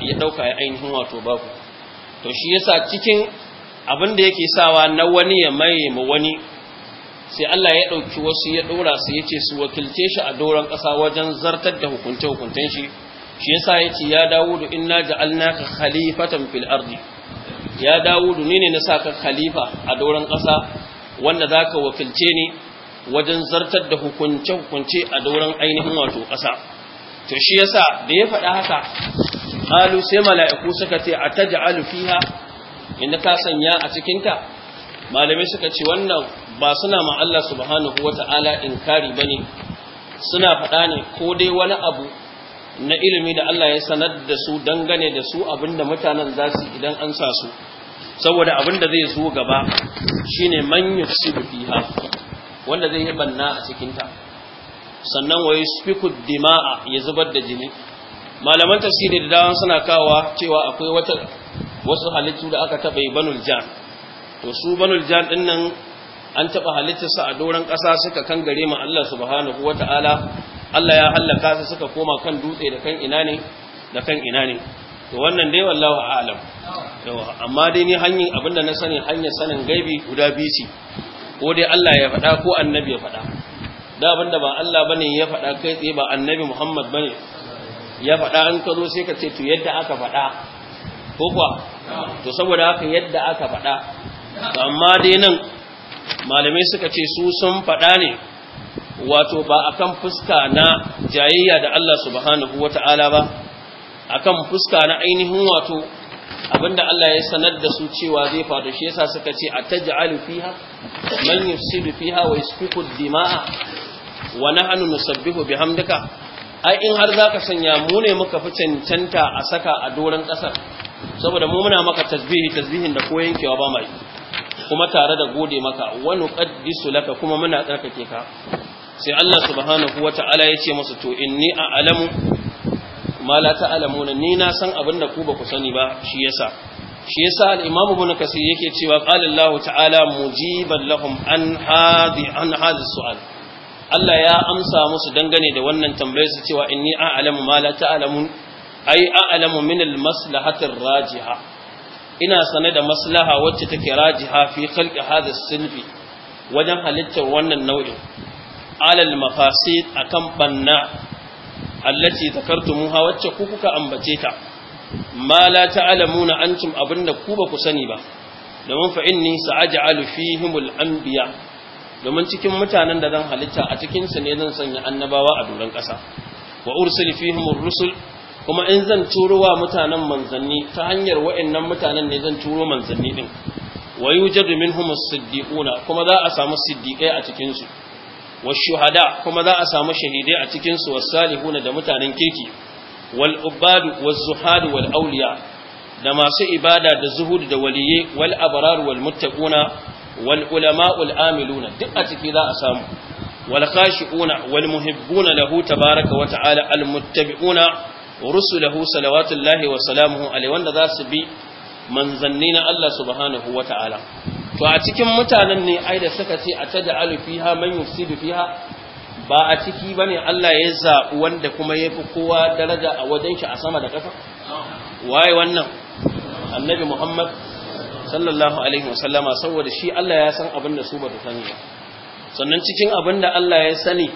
ya ɗauka ya ainihin wato ba ku. to shi yasa cikin abin da yake sawa na wani ya maye ma wani sai Allah ya ɗauki wasu ya ɗora su ya ce su wakilce shi a doron ƙasa wajen zartar da hukunce-hukuncen shi shi yasa ya ce ya dawudu inna ja'alnaka khalifatan fil ardi ya dawudu ne ne na saka khalifa a doron ƙasa wanda za ka wakilce ni wajen zartar da hukunce-hukunce a dauran ainihin wato ƙasa to shi yasa da ya faɗa haka halu sai mala'iku suka ce a taji alufiha inda ka sanya a cikinta malamai suka ce wannan ba suna ma Allah subhanahu wa ta'ala inkari ba ne suna faɗa ne ko dai wani abu na ilimi da Allah ya sanar da su dangane da su abinda mutanen za su idan an sa su saboda abin da zai zo gaba shine man yufsidu fiha wanda zai yi banna a cikinta ta sannan wa yusbiku dima'a ya zubar da jini malaman tafsiri da dawon suna kawa cewa akwai wata wasu halittu da aka taba banul jan to su banul jan din nan an taba su a doron kasa suka kan gare mu Allah subhanahu wata'ala Allah ya hallaka su suka koma kan dutse da kan ina ne da kan ina ne to wannan dai wallahu a'lam amma dai ni hanyar abinda na sani hanyar sanin gaibi guda biyu ko dai Allah ya faɗa ko annabi ya faɗa da abinda ba Allah bane ya faɗa kai tsaye ba annabi Muhammad bane ya faɗa an ka zo sai ka ce to yadda aka faɗa ko kuwa to saboda haka yadda aka faɗa amma dai nan malamai suka ce su sun faɗa ne wato ba akan fuska na jayayya da Allah subhanahu wata'ala ba akan fuska na ainihin wato abinda Allah ya sanar da su cewa zai faru shi yasa suka ce a ataj'alu fiha man yufsidu fiha wa yasfiku dimaa wa nahnu nusabbihu bihamdika ai in har zaka sanya mu ne muka fi cancanta a saka a doran kasar saboda mu muna maka tasbihi tasbihin da ko yankewa ba mai kuma tare da gode maka wa nuqaddisu laka kuma muna tsarkake ka sai Allah subhanahu wata'ala ya ce musu to inni a'lamu ma la ta'lamuna ni na san abin da ku ba ku sani ba shi yasa shi yasa al-imamu ibn kasir yake cewa qala Allah ta'ala mujiban lahum an an hadi su'al Allah ya amsa musu dangane da wannan tambayar su cewa inni a'lamu ma la ta'lamun ai a'lamu min al-maslahati rajiha ina sane da maslaha wacce take rajiha fi khalqi hadha sinfi wajen halittar wannan nau'in alal mafasid akan banna allati zakartumuha wacce ku kuka ambace ta ma la ta'lamuna antum abinda ku ba ku sani ba domin fa inni sa'aj'alu fihimul anbiya domin cikin mutanen da zan halitta a cikin su ne zan sanya annabawa a doron ƙasa wa ursil fihimur rusul kuma in zan turo wa mutanen manzanni ta hanyar wa'annan mutanen ne zan turo manzanni din wa yujadu minhum siddiquna kuma za a samu siddiqai a cikin su والشهداء كما ذا أسام الشهيداء تكنس والصالحون دمتان كيكي والعباد والزهاد والأولياء دماس إبادة الزهود دولي والأبرار والمتقون والعلماء الآملون دقة كذا أسام والخاشعون والمهبون له تبارك وتعالى المتبعون رسله صلوات الله وسلامه عليه وأن ذا سبي من ظنين الله سبحانه وتعالى to a cikin mutanen ne ai da suka ce a tada alufiha man yufsidu fiha ba a ciki bane Allah ya zaɓi wanda kuma yafi kowa daraja a wajen shi a sama da kafa? waye wannan annabi Muhammad sallallahu alaihi wasallama saboda shi Allah ya san abin da su ba su sani ba sannan cikin abin da Allah ya sani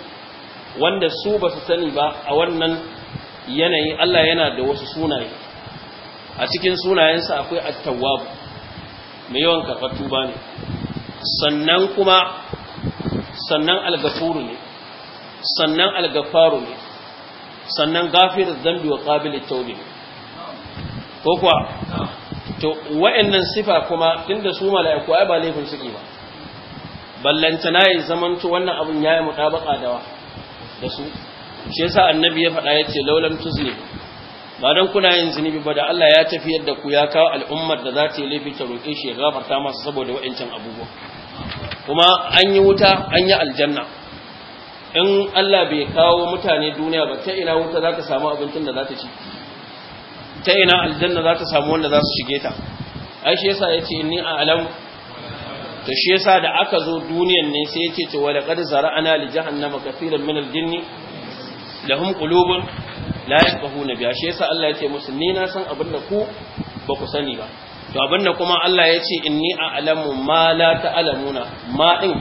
wanda su ba su sani ba a wannan yanayi Allah yana da wasu sunaye a cikin sunayensa akwai at-tawwab mai yawan karɓar tuba ne sannan kuma sannan algafuru ne sannan algafaru ne sannan gafirar zambi wa ƙabilin taubi ne ko kuwa to wa'annan sifa kuma inda su mala'iku ai ba laifin suke ba ballantana ya zamanto wannan abin ya yi mutabaka dawa da su shi yasa annabi ya faɗa ya ce laulam tuzni ba don kuna yin zunubi ba da Allah ya tafiyar da ku ya kawo al'ummar da za ta yi laifi ta roƙe shi ya gafarta masa saboda wa'ancan abubuwa kuma an yi wuta an yi aljanna in Allah bai kawo mutane duniya ba ta ina wuta za ta samu abincin da za ta ci ta ina aljanna za ta samu wanda za su shige ta ai shi yasa yace inni a'lam to shi yasa da aka zo duniyan ne sai yace to wa laqad zara'ana li jahannama kaseeran min al-jinni lahum qulubun la na biya shi yasa Allah yace musu ni na san abin da ku ba ku sani ba to abin da kuma Allah ya yace inni a'lamu ma la ta'lamuna ma din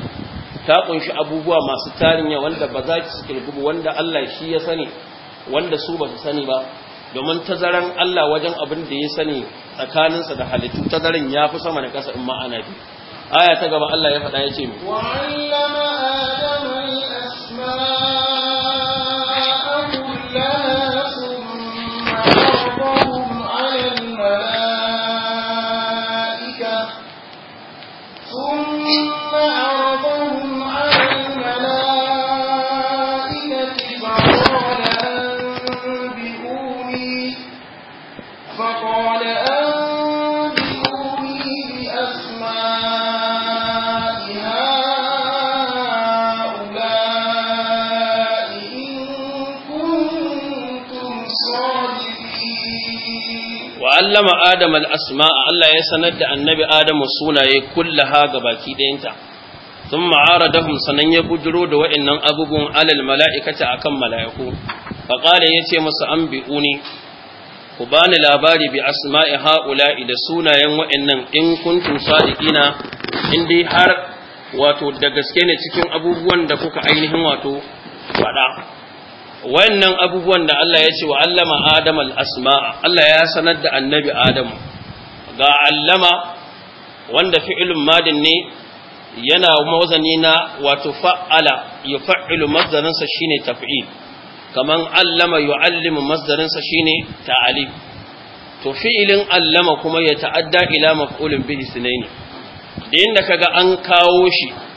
ta kunshi abubuwa masu tarin ya wanda ba za ki suke gubu wanda Allah shi ya sani wanda su ba su sani ba domin tazaran Allah wajen abin da ya sani tsakaninsa da halittu tazaran ya fi sama da kasa in ma'ana bi aya ta gaba Allah ya faɗa ya ce mu wa'allama adamu al-asma allama adam al-asma'a Allah ya sanar da annabi adamu sunaye kullaha baki ɗayanta sun ma'aradahum sanan ya bujiro da wa'annan abubuwan alal mala'ikata akan mala'iku faƙala ya ce masa an ni, ku bani labari bi asma'i Ha'ula da sunayen wa'annan in kuntum sadiqina in dai har wato da gaske ne cikin abubuwan da kuka ainihin wato faɗa Wannan abubuwan da Allah ya ce wa allama Adam al-asma'a Allah ya sanar da annabi adamu ga allama wanda fi'ilun madin ne yana mawazani na wato fa'ala ya fa'ilu mazdarinsa shi ne tafi'il kaman allama ya allimu mazdarinsa shi ne ta'ali, to fi'ilin allama kuma ya ta'adda ila maf'ulin bihi ne da yin da kaga an kawo shi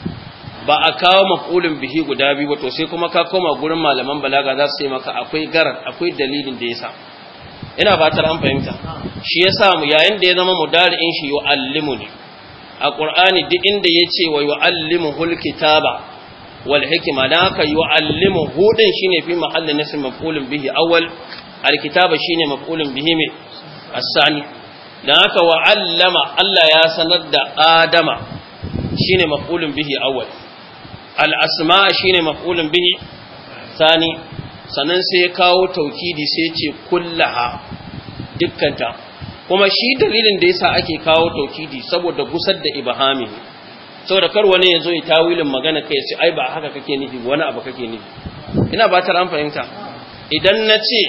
ba a kawo maf'ulin bihi guda biyu ba to sai kuma ka koma gurin malaman balaga za su ce maka akwai garar akwai dalilin da yasa ina fatar an fahimta shi yasa mu yayin da ya zama mudari'in shi yu'allimu ne a qur'ani duk inda yace wa yu'allimuhul kitaba wal hikma dan haka yu'allimu hudin shine fi mahallin nasb maf'ulin bihi awwal al kitaba shine maf'ulin bihi mai asani dan haka wa allama Allah ya sanar da adama shine maf'ulin bihi awwal al'asma shine maf'ulin bihi sani sannan sai ya kawo taukidi sai ce kullaha dukkanta kuma shi dalilin da yasa ake kawo taukidi saboda gusar da ibahami saboda kar wani ya zo ya tawilin magana kai sai ai ba haka kake nufi wani abu kake nufi ina ba ta ran fahimta idan na ce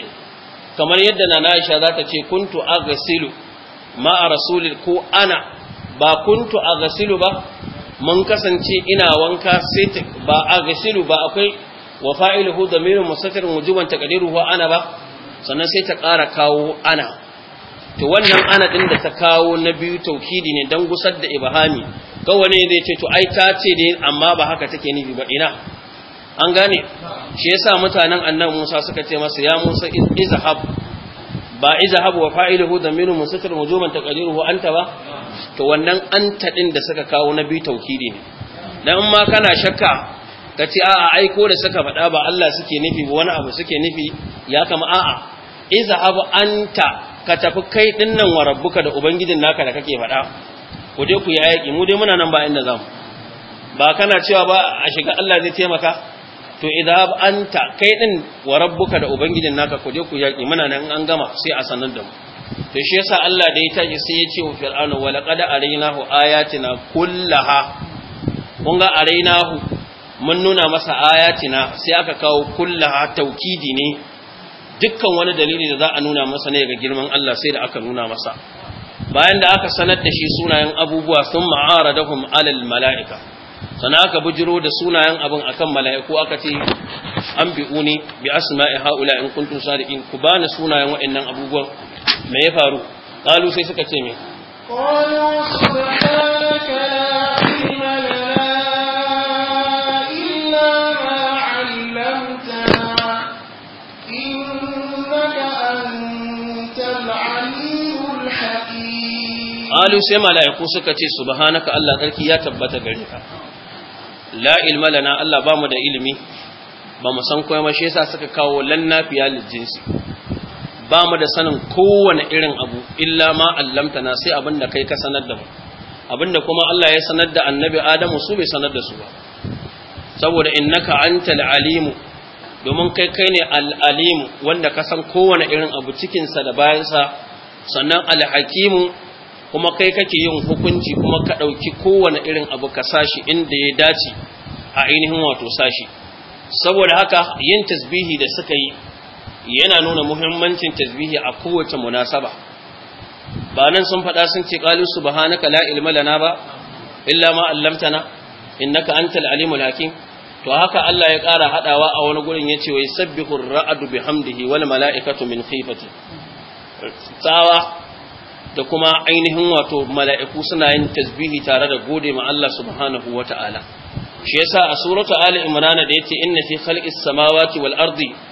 kamar yadda na Aisha za ta ce kuntu ma a rasulil ko ana ba kuntu a gasilu ba mun kasance ina wanka sai ba a gashiru ba akwai wa fa'iluhu mu mustatir wujuban wa ana ba sannan sai ta ƙara kawo ana to wannan ana din da ta kawo na biyu taukidi ne don gusar da ibhami kawai wani zai ce to ai ta ce ne amma ba haka take nufi ba ina an gane shi yasa mutanen annan Musa suka ce masa ya Musa izahab ba izahab wa fa'iluhu damirun mustatir wujuban wa anta ba to wannan an taɗin da suka kawo na biyu taukidi ne dan ma kana shakka ka ce a'a ai da suka faɗa ba Allah suke nufi ba wani abu suke nufi ya kama a'a abu anta ka tafi kai dinnan wa rabbuka da ubangijin naka da kake faɗa ku je ku aiki mu dai muna nan ba inda zamu ba kana cewa ba a shiga Allah zai taimaka to idhab anta kai din wa rabbuka da ubangijin naka ku je ku yaki muna nan an gama sai a sanar da mu to shi yasa Allah da ya tashi sai ya ce wa fir'auna wa laqad arainahu ayatina kullaha kun ga arainahu mun nuna masa ayatina sai aka kawo kullaha taukidi ne dukkan wani dalili da za a nuna masa ne ga girman Allah sai da aka nuna masa bayan da aka sanar da shi sunayen abubuwa sun ma'aradahum alal mala'ika sana aka bujiro da sunayen abin akan mala'iku aka ce an bi'uni bi asma'i haula in kuntum sadiqin ku bani sunayen wa'annan abubuwan me ya faru Ƙalu sai suka ce me qalu subhanaka la ilma lana illa ma 'allamtana innaka antal 'alimul hakim qalu sai mala'iku suka ce subhanaka Allah sarki ya tabbata gare ka la ilma lana Allah ba mu da ilimi ba mu san kuma shi yasa suka kawo lannafiya jinsi. ba mu da sanin kowane irin abu illa ma na sai abin da kai ka sanar da mu abin da kuma Allah ya sanar da annabi Adamu su bai sanar da su ba saboda innaka antal alimu domin kai kai ne al'alimu wanda ka san kowane irin abu cikinsa da bayansa sannan alhakimu kuma kai kake yin hukunci kuma ka ɗauki kowane irin abu ka sashi inda ya dace a ainihin wato sashi saboda haka yin tasbihi da suka yi yana nuna muhimmancin tasbihi a kowace munasaba ba nan sun faɗa sun ce qalu subhanaka la ilma lana ba illa ma allamtana innaka antal alimul hakim to haka Allah ya ƙara hadawa a wani gurin yace wai sabbihu ra'adu bihamdihi wal mala'ikatu min khifati tsawa da kuma ainihin wato mala'iku suna yin tasbihi tare da gode ma Allah subhanahu wata'ala shi yasa a suratu ali imran da yace inna fi khalqis samawati wal ardi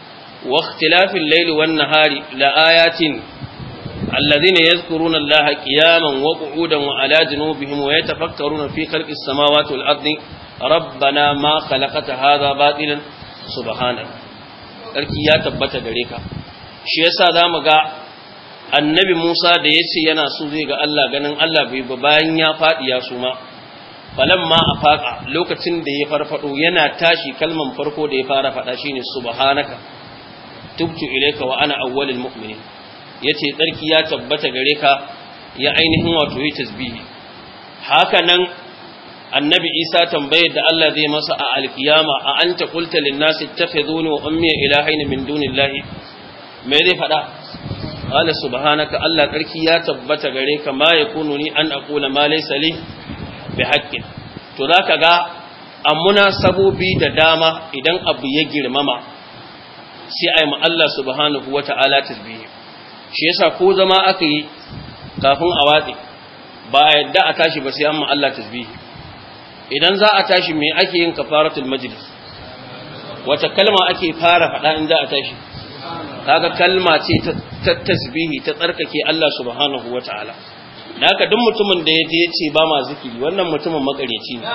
واختلاف الليل والنهار لآيات الذين يذكرون الله قياما وقعودا وعلى جنوبهم ويتفكرون في خلق السماوات والأرض ربنا ما خلقت هذا باطلا سبحانك Ɗarki ya tabbata gare ka shi yasa zamu ga annabi Musa da ya ce yana so zai ga Allah ganin Allah bai ba bayan ya faɗi ya suma ma a faƙa. lokacin da ya farfaɗo yana tashi kalman farko da ya fara shi shine subhanaka tubtu ilayka wa ana awwalul mu'minin yace tsarki ya tabbata gare ka ya ainihin wato yi tasbihi haka nan annabi isa tambayar da Allah zai masa a alkiyama a anta qulta lin nasi ittakhizuni wa ummi ilahin min dunillahi me zai faɗa qala subhanaka Allah tsarki ya tabbata gare ka ma yakunu ni an aqula ma laysa li bihaqqin to zaka ga amuna sabobi da dama idan abu ya girmama sai a yi ma Allah subhanahu wa ta'ala tasbihi shi yasa ko zama aka yi kafin a watsi ba a yadda a tashi ba sai an ma Allah tasbihi idan za a tashi me ake yin kafaratul majlis wata kalma ake fara faɗa in za a tashi kaga kalma ce ta tasbihi ta tsarkake Allah subhanahu wataala naka duk mutumin da yaje yace ba ma zikiri wannan mutumin makareci ne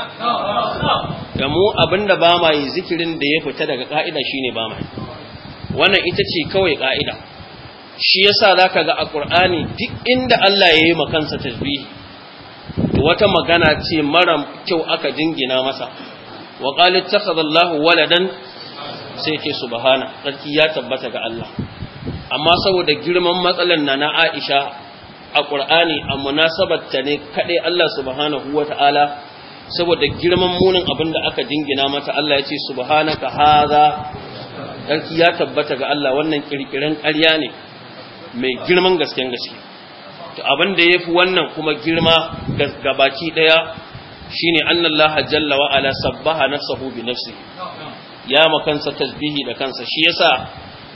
da mu abinda ba ma yi zikirin da ya fita daga ka'ida shine ba ma yi wannan ita ce kawai ƙa'ida. shi yasa ka ga a ƙurani duk inda Allah ya yi makansa tasbihi to wata magana ce mara kyau aka jingina masa wa qalat takhadha Allahu waladan sai ce subhana sarki ya tabbata ga Allah amma saboda girman matsalar na na Aisha a ƙur'ani a ta ne kaɗai Allah subhanahu wata'ala saboda girman munin abin da aka jingina mata Allah ya ce subhanaka haza. sarki ya tabbata ga Allah wannan kirkiren ƙarya ne mai girman gasken gaske to abin da yafi wannan kuma girma ga baki daya shine annallaha jalla wa ala sabbaha nafsuhu bi nafsi ya makansa tasbihi da kansa shi yasa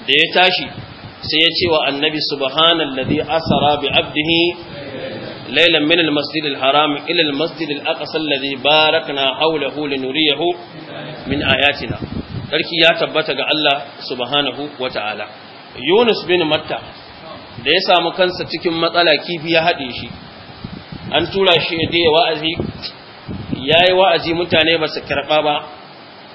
da ya tashi sai ya ce wa annabi subhanalladhi asara bi abdihi ليلا من المسجد الحرام إلى المسجد الأقصى الذي باركنا حوله لنريه من آياتنا sarki ya tabbata ga Allah subhanahu wata'ala Yunus bin Matta da ya samu kansa cikin matsala kifi ya haɗe shi an tura shi ya je wa'azi ya yi wa'azi mutane ba su karɓa ba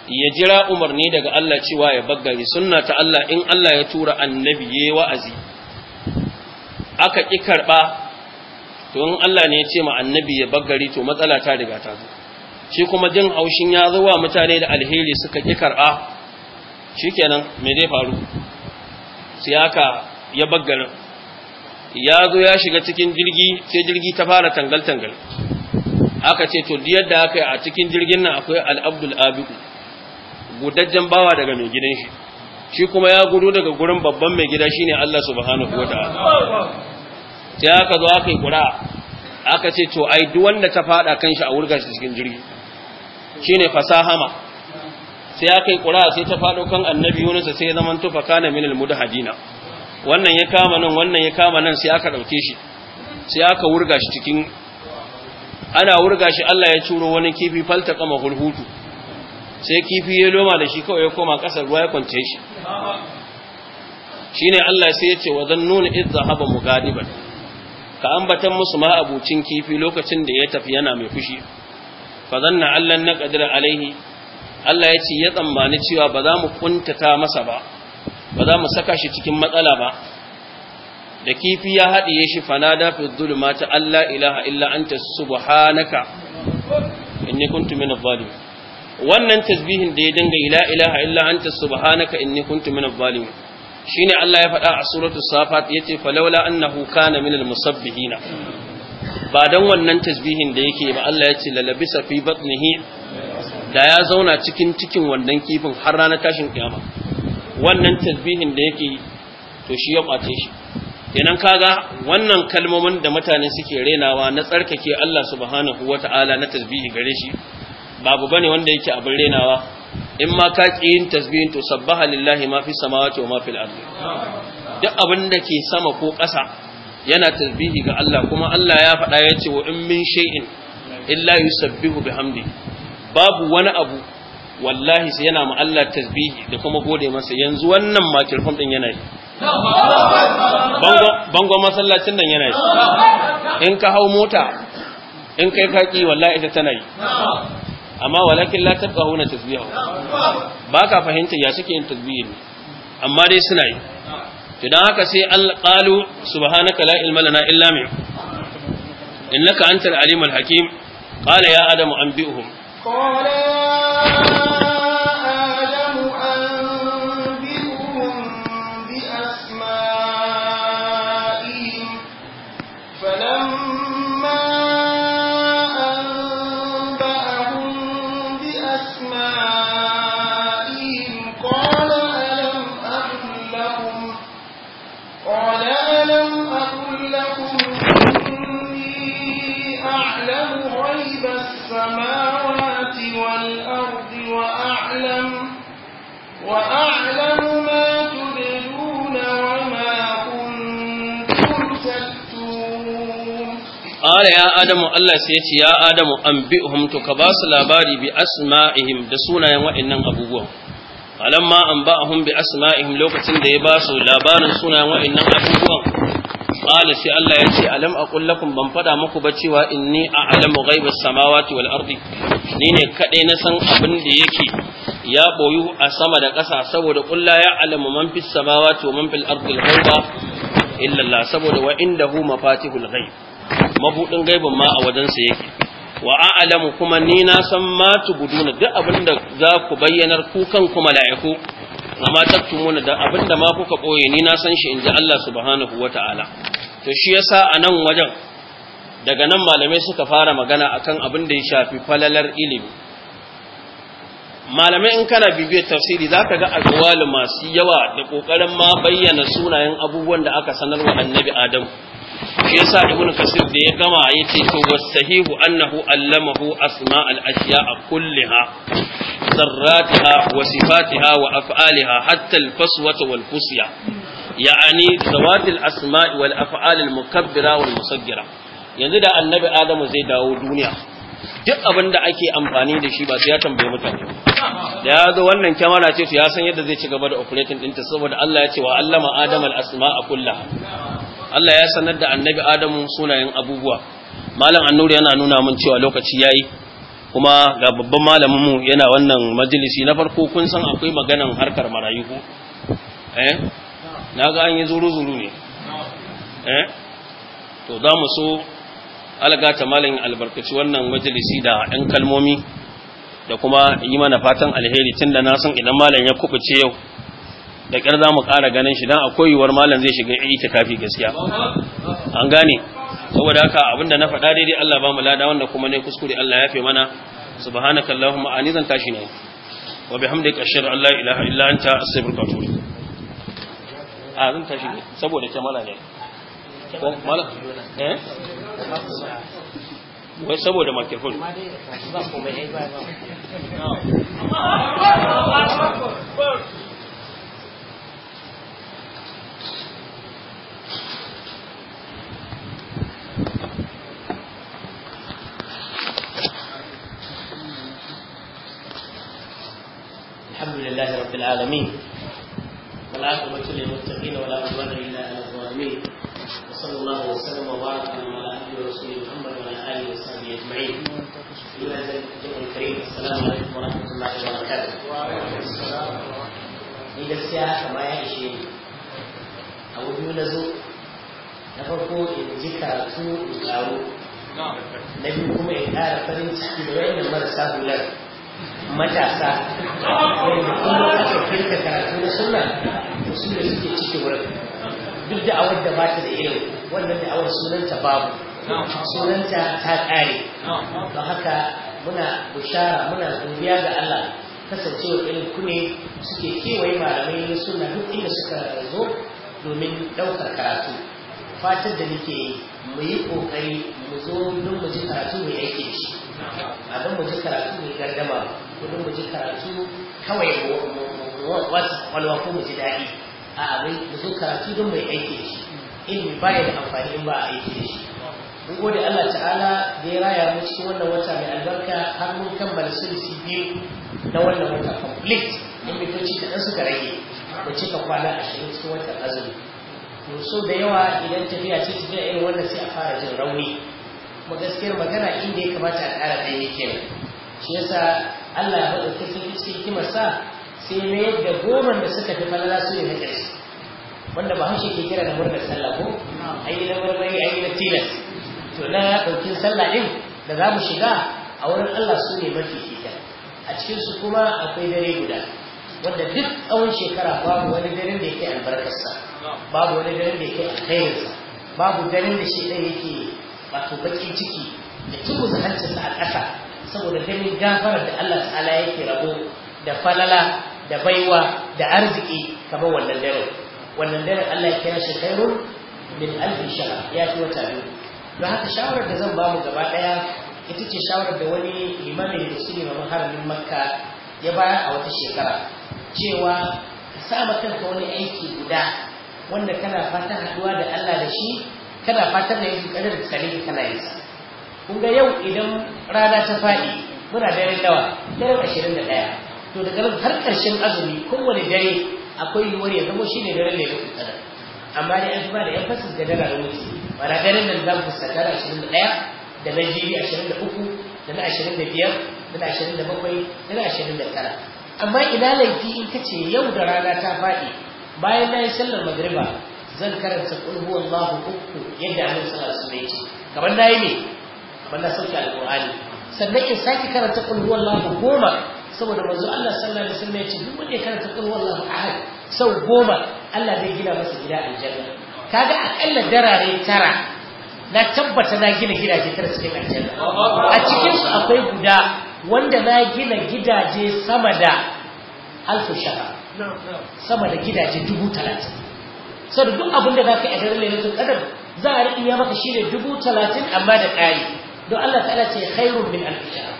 ya jira umarni daga Allah cewa ya baggari sunna ta Allah in Allah ya tura annabi ya yi wa'azi aka ƙi karɓa to in Allah ne ya ce ma annabi ya baggari to matsala ta riga ta zo shi kuma jin haushin ya zo wa mutane da alheri suka ƙi karɓa shi kenan me zai faru sai ya baggarin ya zo ya shiga cikin jirgi sai jirgi ta fara tangal-tangal aka ce to diyar da aka yi a cikin jirgin nan akwai al'abdul abiku gudajjen bawa daga mai gidan shi shi kuma ya gudu daga gurin babban mai gida shine Allah subhanahu wata'ala sai aka zo aka yi kura aka ce to ai duk wanda ta fada kanshi a wurga shi cikin jirgi shine fasahama sai aka yi ƙura sai ta faɗo kan annabi Yunus sai ya zama tufa kana minal mudahadina wannan ya kama nan wannan ya kama nan sai aka ɗauke shi sai aka wurga shi cikin ana wurga shi Allah ya curo wani kifi falta kama hulhutu sai kifi ya loma da shi kawai ya koma ƙasar ruwa ya kwance shi shine Allah sai ya ce wa zannuna idh zahaba mugadiban ka ambatan musu ma abucin kifi lokacin da ya tafi yana mai fushi fa zanna allan na qadira alaihi Allah ya ce ya tsammani cewa ba za mu kuntata masa ba ba za mu saka shi cikin matsala ba da kifi ya haɗiye shi fanada fi zulumata Allah ilaha illa anta subhanaka inni kuntu min adh-dhalimin wannan tasbihin da ya dinga ila ilaha illa anta subhanaka inni kuntu min adh-dhalimin shine Allah ya faɗa a suratul safat yace falawla annahu kana min al-musabbihina ba don wannan tasbihin da yake ba Allah ya ce lalabisa fi batnihi da ya zauna cikin cikin wannan kifin har ranar tashin kiyama wannan tasbihin da yake to shi ya kwace shi kenan kaga wannan kalmomin da mutane suke renawa na tsarkake Allah subhanahu wata'ala na tasbihi gare shi babu bane wanda yake abin renawa in ma ka kiyin tasbihin to sabbaha lillahi ma fi samawati wa ma fil ardi duk abin da ke sama ko ƙasa yana tasbihi ga Allah kuma Allah ya faɗa ya ce wa in min shay'in illa yusabbihu bihamdi babu wani abu wallahi sai yana ma Allah tasbihi da kuma gode masa yanzu wannan makirfon din yana yi bangon masallacin nan yana yi in ka hau mota in kai kaki wallahi ita tana yi amma walakin la tabqahuna tasbihu ba ka fahimta ya suke yin tasbihi amma dai suna yi to haka sai alqalu subhanaka la ilma lana illa ma innaka antal alimul hakim qala ya adamu anbi'uhum qala qala ya adamu Allah sai ya ce ya adamu anbi'hum to ka ba su labari bi asma'ihim da sunayen wa'annan abubuwan ba anba'ahum bi asma'ihim lokacin da ya ba su labarin sunayen wa'annan abubuwan qala sai Allah ya ce alam aqul lakum ban fada muku ba cewa inni a'lamu ghaibas samawati wal ardi ni ne kadai na san abin da yake ya boyu a sama da ƙasa saboda kulla ya alamu man fis samawati wa man fil ardi al ghaiba illa Allah saboda wa indahu mafatihul ghaib mabudin gaibin ma a sa yake wa a'lamu kuma ni na san ma tubuduna duk abinda za ku bayyanar ku ku mala'iku amma tattumuna da abinda ma kuka boye ni na san shi inji Allah subhanahu wata'ala to shi yasa a nan wajen daga nan malamai suka fara magana akan abin da ya shafi falalar ilimi malamai in kana bibiyar tafsiri za ka ga alwali masu yawa da ƙoƙarin ma bayyana sunayen abubuwan da aka sanar wa annabi Adamu. shi yasa ibnu kasir da ya gama yace to sahihu, annahu allamahu asma al ashya'a kullaha sarratiha wa sifatiha wa af'aliha hatta al faswata wal fusya ya'ani zawat al asma' wal af'al al mukabbira wal musaggira yanzu da annabi adamu zai dawo duniya duk abin da ake amfani da shi ba sai ya tambaye mutane da ya zo wannan kyamara ce to ya san yadda zai ci gaba da operating ɗinta saboda Allah ya ce wa allama adamal a kullaha Allah ya sanar da annabi Adamu sunayen abubuwa malam annuri yana nuna mun cewa lokaci yayi kuma ga babban malamin mu yana wannan majalisi na farko kun san akwai maganan harkar marayu ko eh naga an yi zuru zuru ne eh to za mu so alga ta malamin albarkaci wannan majalisi da 'yan kalmomi da kuma yi mana fatan alheri tunda na san idan malam ya kubuce yau da kyar za mu ƙara ganin shi don akwai yiwuwar malam zai shiga kafi gaskiya an gane saboda haka abinda na faɗa daidai Allah ba mu lada wanda kuma ne kuskure Allah ya fi mana subhanaka allahumma ani tashi ne wa bihamdika ashhadu an la ilaha illa anta astaghfiruka wa atubu a zan tashi ne saboda mala ne ko eh wai saboda makirfin ba komai ba ba الحمد لله رب العالمين والعاقبة للمتقين ولا عدوان إلا على الظالمين وصلى الله وسلم وبارك على عبده ورسوله محمد وعلى آله وصحبه أجمعين أيها الجمع الكريم السلام عليكم ورحمة الله وبركاته وعليكم السلام ورحمة الله إذا الساعة ما يعيش Abu biyu na zo na farko in ji karatu in ƙaru na biyu kuma in ƙara farin ciki da wani marasa hular matasa wanda kuma aka kirka karatu na suna to su da suke cikin wurin duk awar da ba ta da irin wannan da awar sunanta babu sunanta ta ƙare don haka muna bushara muna godiya ga Allah kasancewar irin kune suke kewaye malamai suna duk inda suka zo domin ɗaukar karatu Fatar da nake yi mu yi ƙoƙari mu zo don mu ji karatu mai aiki da shi a don mu ji karatu mai gardama ko don mu ji karatu kawai wasu kwalwa ko mu ji daɗi a abin mu zo karatu don mai aiki da shi In ba ya da amfani in ba a aiki da shi mun gode Allah ta'ala da ya raya mu cikin wannan wata mai albarka har mun kammala sulsi biyu na wannan wata complete in mutunci da ɗan suka rage Ku cika kwana ashirin cikin watan azumi to so da yawa idan tafiya ce tafiya irin wannan sai a fara jin rauni kuma gaskiyar magana inda ya kamata a ƙara ɗaya ne kenan shi yasa Allah ya faɗa cikin cikin sai ne da goman da suka fi falala su ne na ƙarshe wanda ba haushe ke kira da murnar sallah ko ayi na marmari ayi na tilas to na ɗaukin sallah ɗin da za mu shiga a wurin Allah su ne mafi fita a cikin su kuma akwai dare guda wanda duk tsawon shekara babu wani garin da yake albarkarsa babu wani garin da yake alkhairinsa babu garin da shi ɗan yake wato bakin ciki da da hancinsa a ƙasa saboda ganin gafarar da Allah ta'ala yake rabo da falala da baiwa da arziki kamar wannan dare wannan dare Allah ya kira shi khairu min alf shahr ya fi wata biyu don haka shawarar da zan ba mu gaba ɗaya ita ce shawarar da wani limamin da su limamin haramin makka ya bayar a wata shekara cewa sama kanka wani aiki guda wanda kana fatan haduwa da Allah da shi kana fatan da yanzu kadar sare kana yi kun ga yau idan rana ta faɗi muna daren dawa daren ashirin da ɗaya to daga nan har karshen azumi kowane dare akwai yiwuwar ya zama shi ne daren lailatul qadar amma dai an fi ba da emphasis ga daren wuce na ganin nan za mu fuskanta da ashirin da ɗaya da na jiri ashirin da uku da na ashirin da biyar da na ashirin da bakwai na ashirin da tara amma ina laifi in ka ce yau da rana ta faɗi bayan na yi sallar magriba zan karanta ƙulhu wallahu uku yadda annabi sallar su ne ce kamar na yi ne kamar na sauke alƙur'ani sannan in sake karanta ƙulhu wallahu goma saboda manzo Allah sallallahu alaihi wasallam ya ce duk wanda ya karanta ƙulhu a ahad sau goma Allah zai gina masa gida aljanna kaga akalla darare tara na tabbata na gina gidaje tara cikin aljanna a cikin su akwai guda wanda na gina gidaje sama da alfu shara sama da gidaje dubu talatin sau da duk abinda za ka yi a garin lailatul qadar za a ya maka shi ne dubu talatin amma da ƙari don Allah ta'ala ce hairun min alfu shara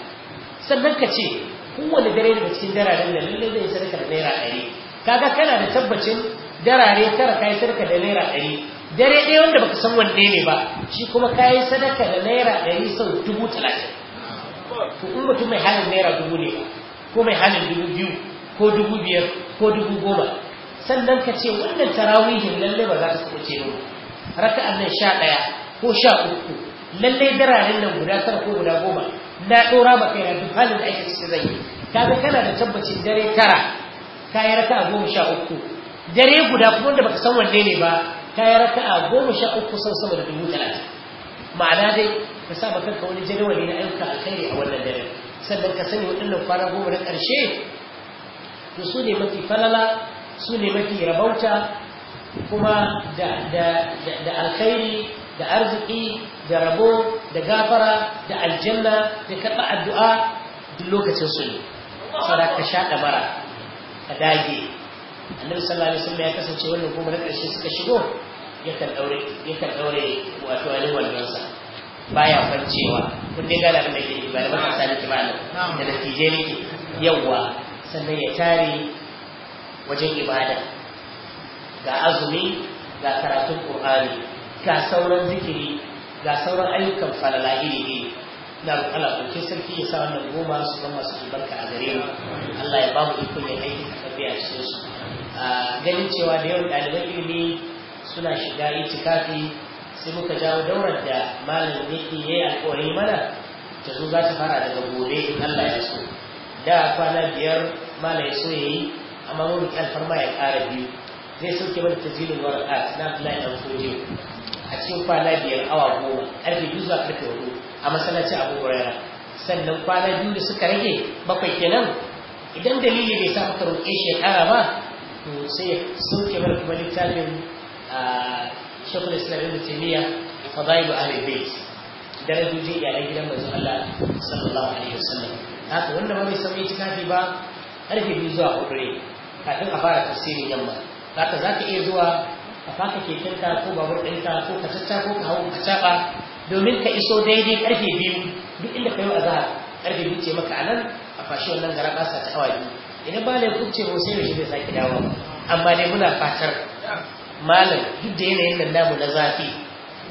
sannan ka ce kowane dare daga cikin dararen da lallai zai sadaka da naira ɗari kaga kana da tabbacin darare tara kayi sadaka da naira ɗari dare ɗaya wanda baka san wanne ne ba shi kuma kayi sadaka da naira ɗari sau dubu talatin to in mutum mai halin naira dubu ne ko mai halin dubu biyu ko dubu biyar ko dubu goma sannan ka ce wannan tarawihin lalle ba za ta taɓa ce ba Raka nan sha ɗaya ko sha uku lalle dararen nan guda tara ko guda goma na ɗora ba kai duk halin da ake cikin zai kaga kana da tabbacin dare tara ka yi raka a goma sha uku dare guda kuma da baka san wanne ne ba ka yi raka a goma sha uku san sama da dubu talatin ma'ana dai ka saba kanka wani jadawali na ayyuka alkhairi a wannan dare sannan ka sani waɗannan kwana goma na ƙarshe to su ne mafi falala su ne mafi rabauta kuma da alkhairi da arziki da rabo da gafara da aljanna da karɓa addu'a duk lokacin su ne saboda ka sha ɗabara ka dage annabi sallallahu alaihi wasallam ya kasance wannan goma na ƙarshe suka shigo yakan daure yakan daure wato alin sa baya cewa, kun dai gane da ke malaman hausa ne malam da dattijai ne ke yawwa sannan ya tare wajen ibada ga azumi ga karatun qur'ani ga sauran zikiri ga sauran ayyukan falala iri iri na Allah ɗauke sarki ya sa wannan goma su zama su barka a gare mu Allah ya babu ikon ya aiki a tafiya su su ah, ganin cewa da yawan ɗaliban ilimi suna shiga itikafi sai muka jawo daurar da malam yake yayi alƙawari mana ta zo za ta fara daga gobe in Allah ya so da kwana biyar malam ya so yayi amma mun riƙe alfarma ya ƙara biyu zai sauke mana tajilin warqat na Abdullahi dan je a cikin kwana biyar awa goma ƙarfe biyu zuwa ƙarfe hudu a masallaci Abu Hurairah sannan kwana biyu da suka rage bakwai kenan idan dalili bai sa muka roƙe shi ya ƙara ba to sai ya sauke mana kuma littafin ah, shekul islam ibn taymiya fadailu ahli bait darajoji iyalan gidan manzon Allah sallallahu alaihi wasallam haka wanda ba mai sauki tikafi ba karfe biyu zuwa hudu ne kafin a fara tafsirin yamma haka zaka iya zuwa a faka keken ka ko babur ɗinka ko ka tacca ko ka hau ka caɓa domin ka iso daidai karfe biyu duk inda ka yi a zahar karfe biyu ce maka anan a fashi wannan gara ƙasa ta hawa biyu idan ba da kubce ko sai da shi zai sake dawo amma dai muna fatar malam duk da yanayin nan namu na zafi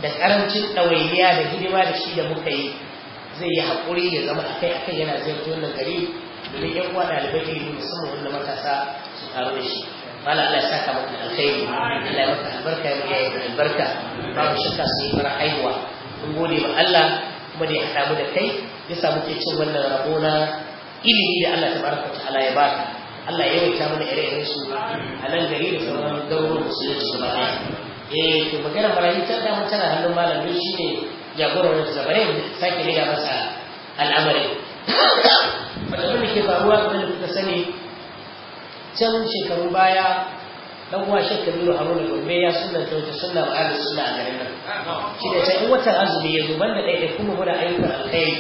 da karancin ɗawainiya da hidima da shi da muka yi zai yi haƙuri ya zama akai akai yana ziyarci nan gari domin yan uwa ɗalibai ilimi musamman wanda matasa su karu da shi mala Allah ya saka maka alkhairi Allah ya maka albarka ya yi da albarka babu shakka su yi mara haihuwa mun gode ma Allah kuma da ya haɗa mu da kai ya samu ke cin wannan rabo na ilimi da Allah ta ta ala ya baka Allah ya wuce mana ire-iren su a nan gari da sauran garuruwan da su ba eh to magana marayu ta da tana hannun malam shi ne jagorar wani zabare sake rida masa al'amari wadda da ke faruwa da da sani can shekaru baya dan uwa shekaru da haruna gombe ya sunna ta wata sunna ba da sunna a garin nan shi da sai watan azumi ya zo banda ɗaya da kuma muna ayyukan alkhairi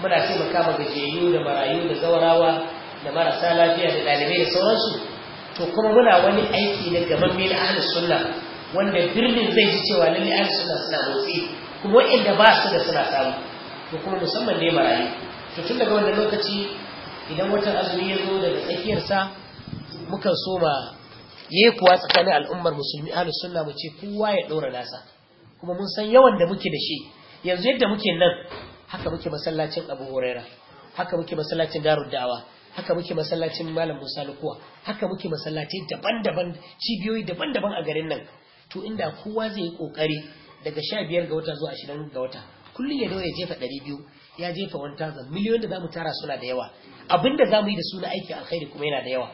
muna mu kama gajiyayyu da marayu da zawarawa da marasa lafiya da ɗalibai da sauransu to kuma muna wani aiki na gaban na ahli sunna wanda birnin zai ji cewa lalle ahli sunna suna motsi kuma wa'inda ba su da suna samu to kuma musamman ne marayu to tun daga wannan lokaci idan watan azumi ya zo daga tsakiyarsa muka soma yayi kuwa tsakanin al'ummar musulmi ahli sunna mu ce kowa ya ɗora nasa kuma mun san yawan da muke da shi yanzu yadda muke nan haka muke masallacin Abu Huraira haka muke masallacin Darud Da'awa haka muke masallacin malam musa lukuwa haka muke masallaci daban-daban cibiyoyi daban-daban a garin nan to inda kowa zai yi kokari daga sha biyar ga wata zuwa ashirin ga wata kullum ya dawo ya jefa ɗari biyu ya jefa 1000 miliyon da zamu tara suna da yawa Abinda da zamu yi da suna aiki alkhairi kuma yana da yawa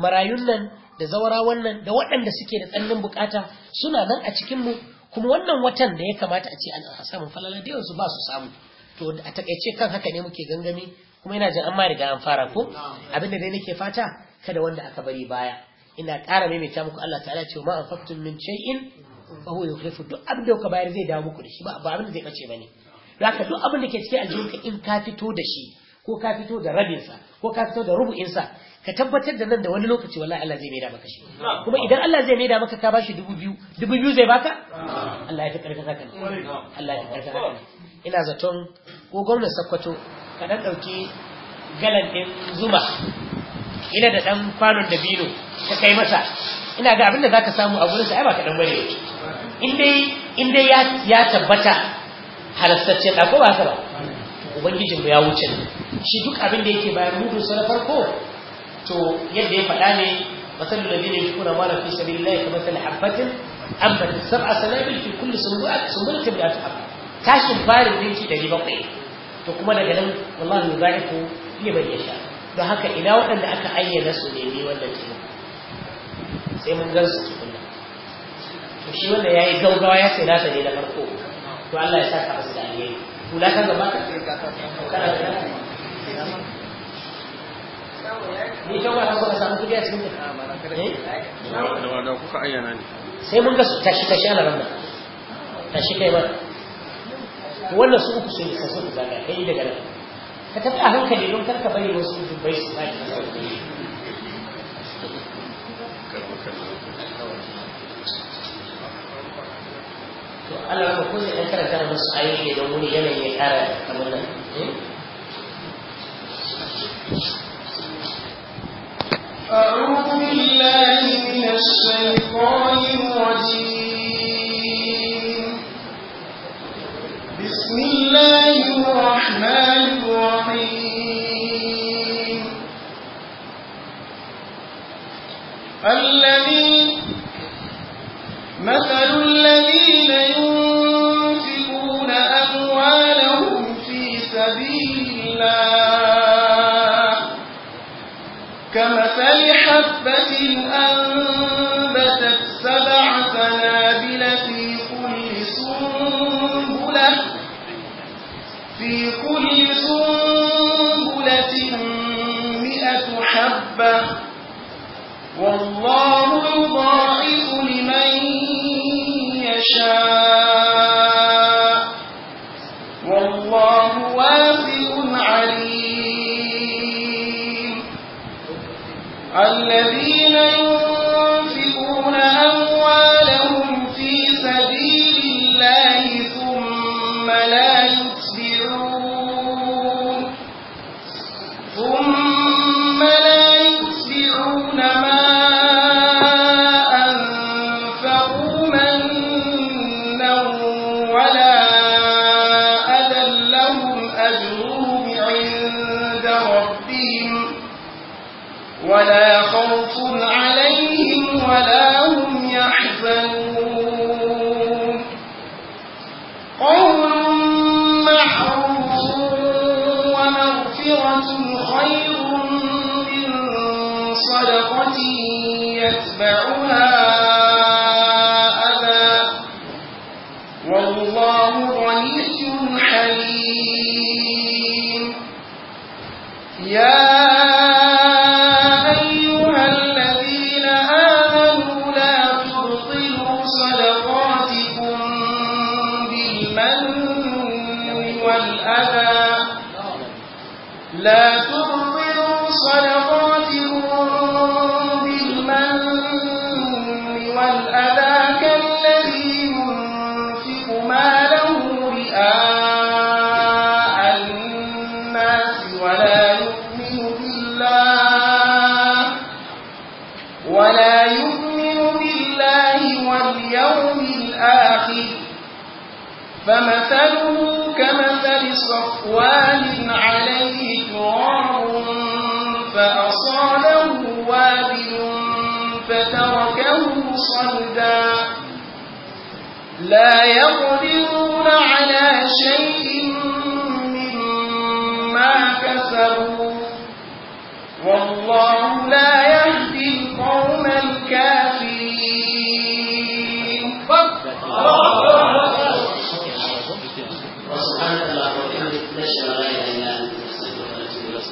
marayun nan da zawara wannan da waɗanda suke da tsannin bukata suna nan a cikin mu kuma wannan watan da ya kamata a ce an samu falala da su ba su samu to a takaice kan haka ne muke gangami kuma ina jin an ma riga an fara ko abin da dai nake fata kada wanda aka bari baya ina ƙara maimaita muku Allah ta'ala ce ma anfaqtum min shay'in fa huwa yukhlifu duk abin da ka bayar zai dawo muku da shi ba abin da zai bace bane haka duk abin da ke cikin aljihunka in ka fito da shi ko ka fito da rabin sa ko ka fito da rubu'in sa ka tabbatar da nan da wani lokaci wallahi Allah zai maida maka shi kuma idan Allah zai maida maka ka bashi dubu biyu dubu biyu zai baka Allah ya fi karfin haka Allah ya fi karfin haka ina zaton ko gwamnatin Sokoto ka dan ɗauki galan ɗin zuma ina da ɗan kwanon dabino ka kai masa ina ga abinda za ka samu a gurinsa ai ba ka ɗan ba. in dai ya tabbata halastaccen ɗako ba haka ba ubangijinmu ya wuce shi duk abin da yake bayan mutu sa na farko to yadda ya faɗa ne مثل الذين ينفقون مالا في سبيل الله كمثل حبة أنبتت سبع سنابل في كل سنبلة مئة حبة tashin farin dinki ɗari bakwai to kuma daga nan wallahi yudaiku iya yasha don haka ina waɗanda aka ayyana su ne ne wannan ce sai mun gan su tukunna to shi wanda yayi gaugawa ya sai nasa ne da farko to Allah ya saka masa da alheri kula kan gaba ka ka kana da ni ta wani kuka samu kudi a cikin eh? da kuka ayyana ne sai mun ga tashi tashi ana ranar tashi kai mana to wannan su uku sun yi sun zaga kai daga nan ka tafi a hankali don karka ka bari wasu dubbai su zaki da sauki to Allah kun yi ɗan karanta musu ayyuka don wani yanayi ya ƙara kamar nan eh? أعوذ بالله من الشيطان الرجيم الذي مثل الذين ينفقون أموالهم في سبيل الله كمثل حبة أنبتت سبع سنبلة مئة حبة والله يضاعف لمن يشاء ولا خوف عليهم ولا هم يحزنون قول محروف ومغفرة خير من صدقة يتبعها صفوان عليه تراب فأصابه وابل فتركه صلدا لا يقدرون على شيء مما كسبوا والله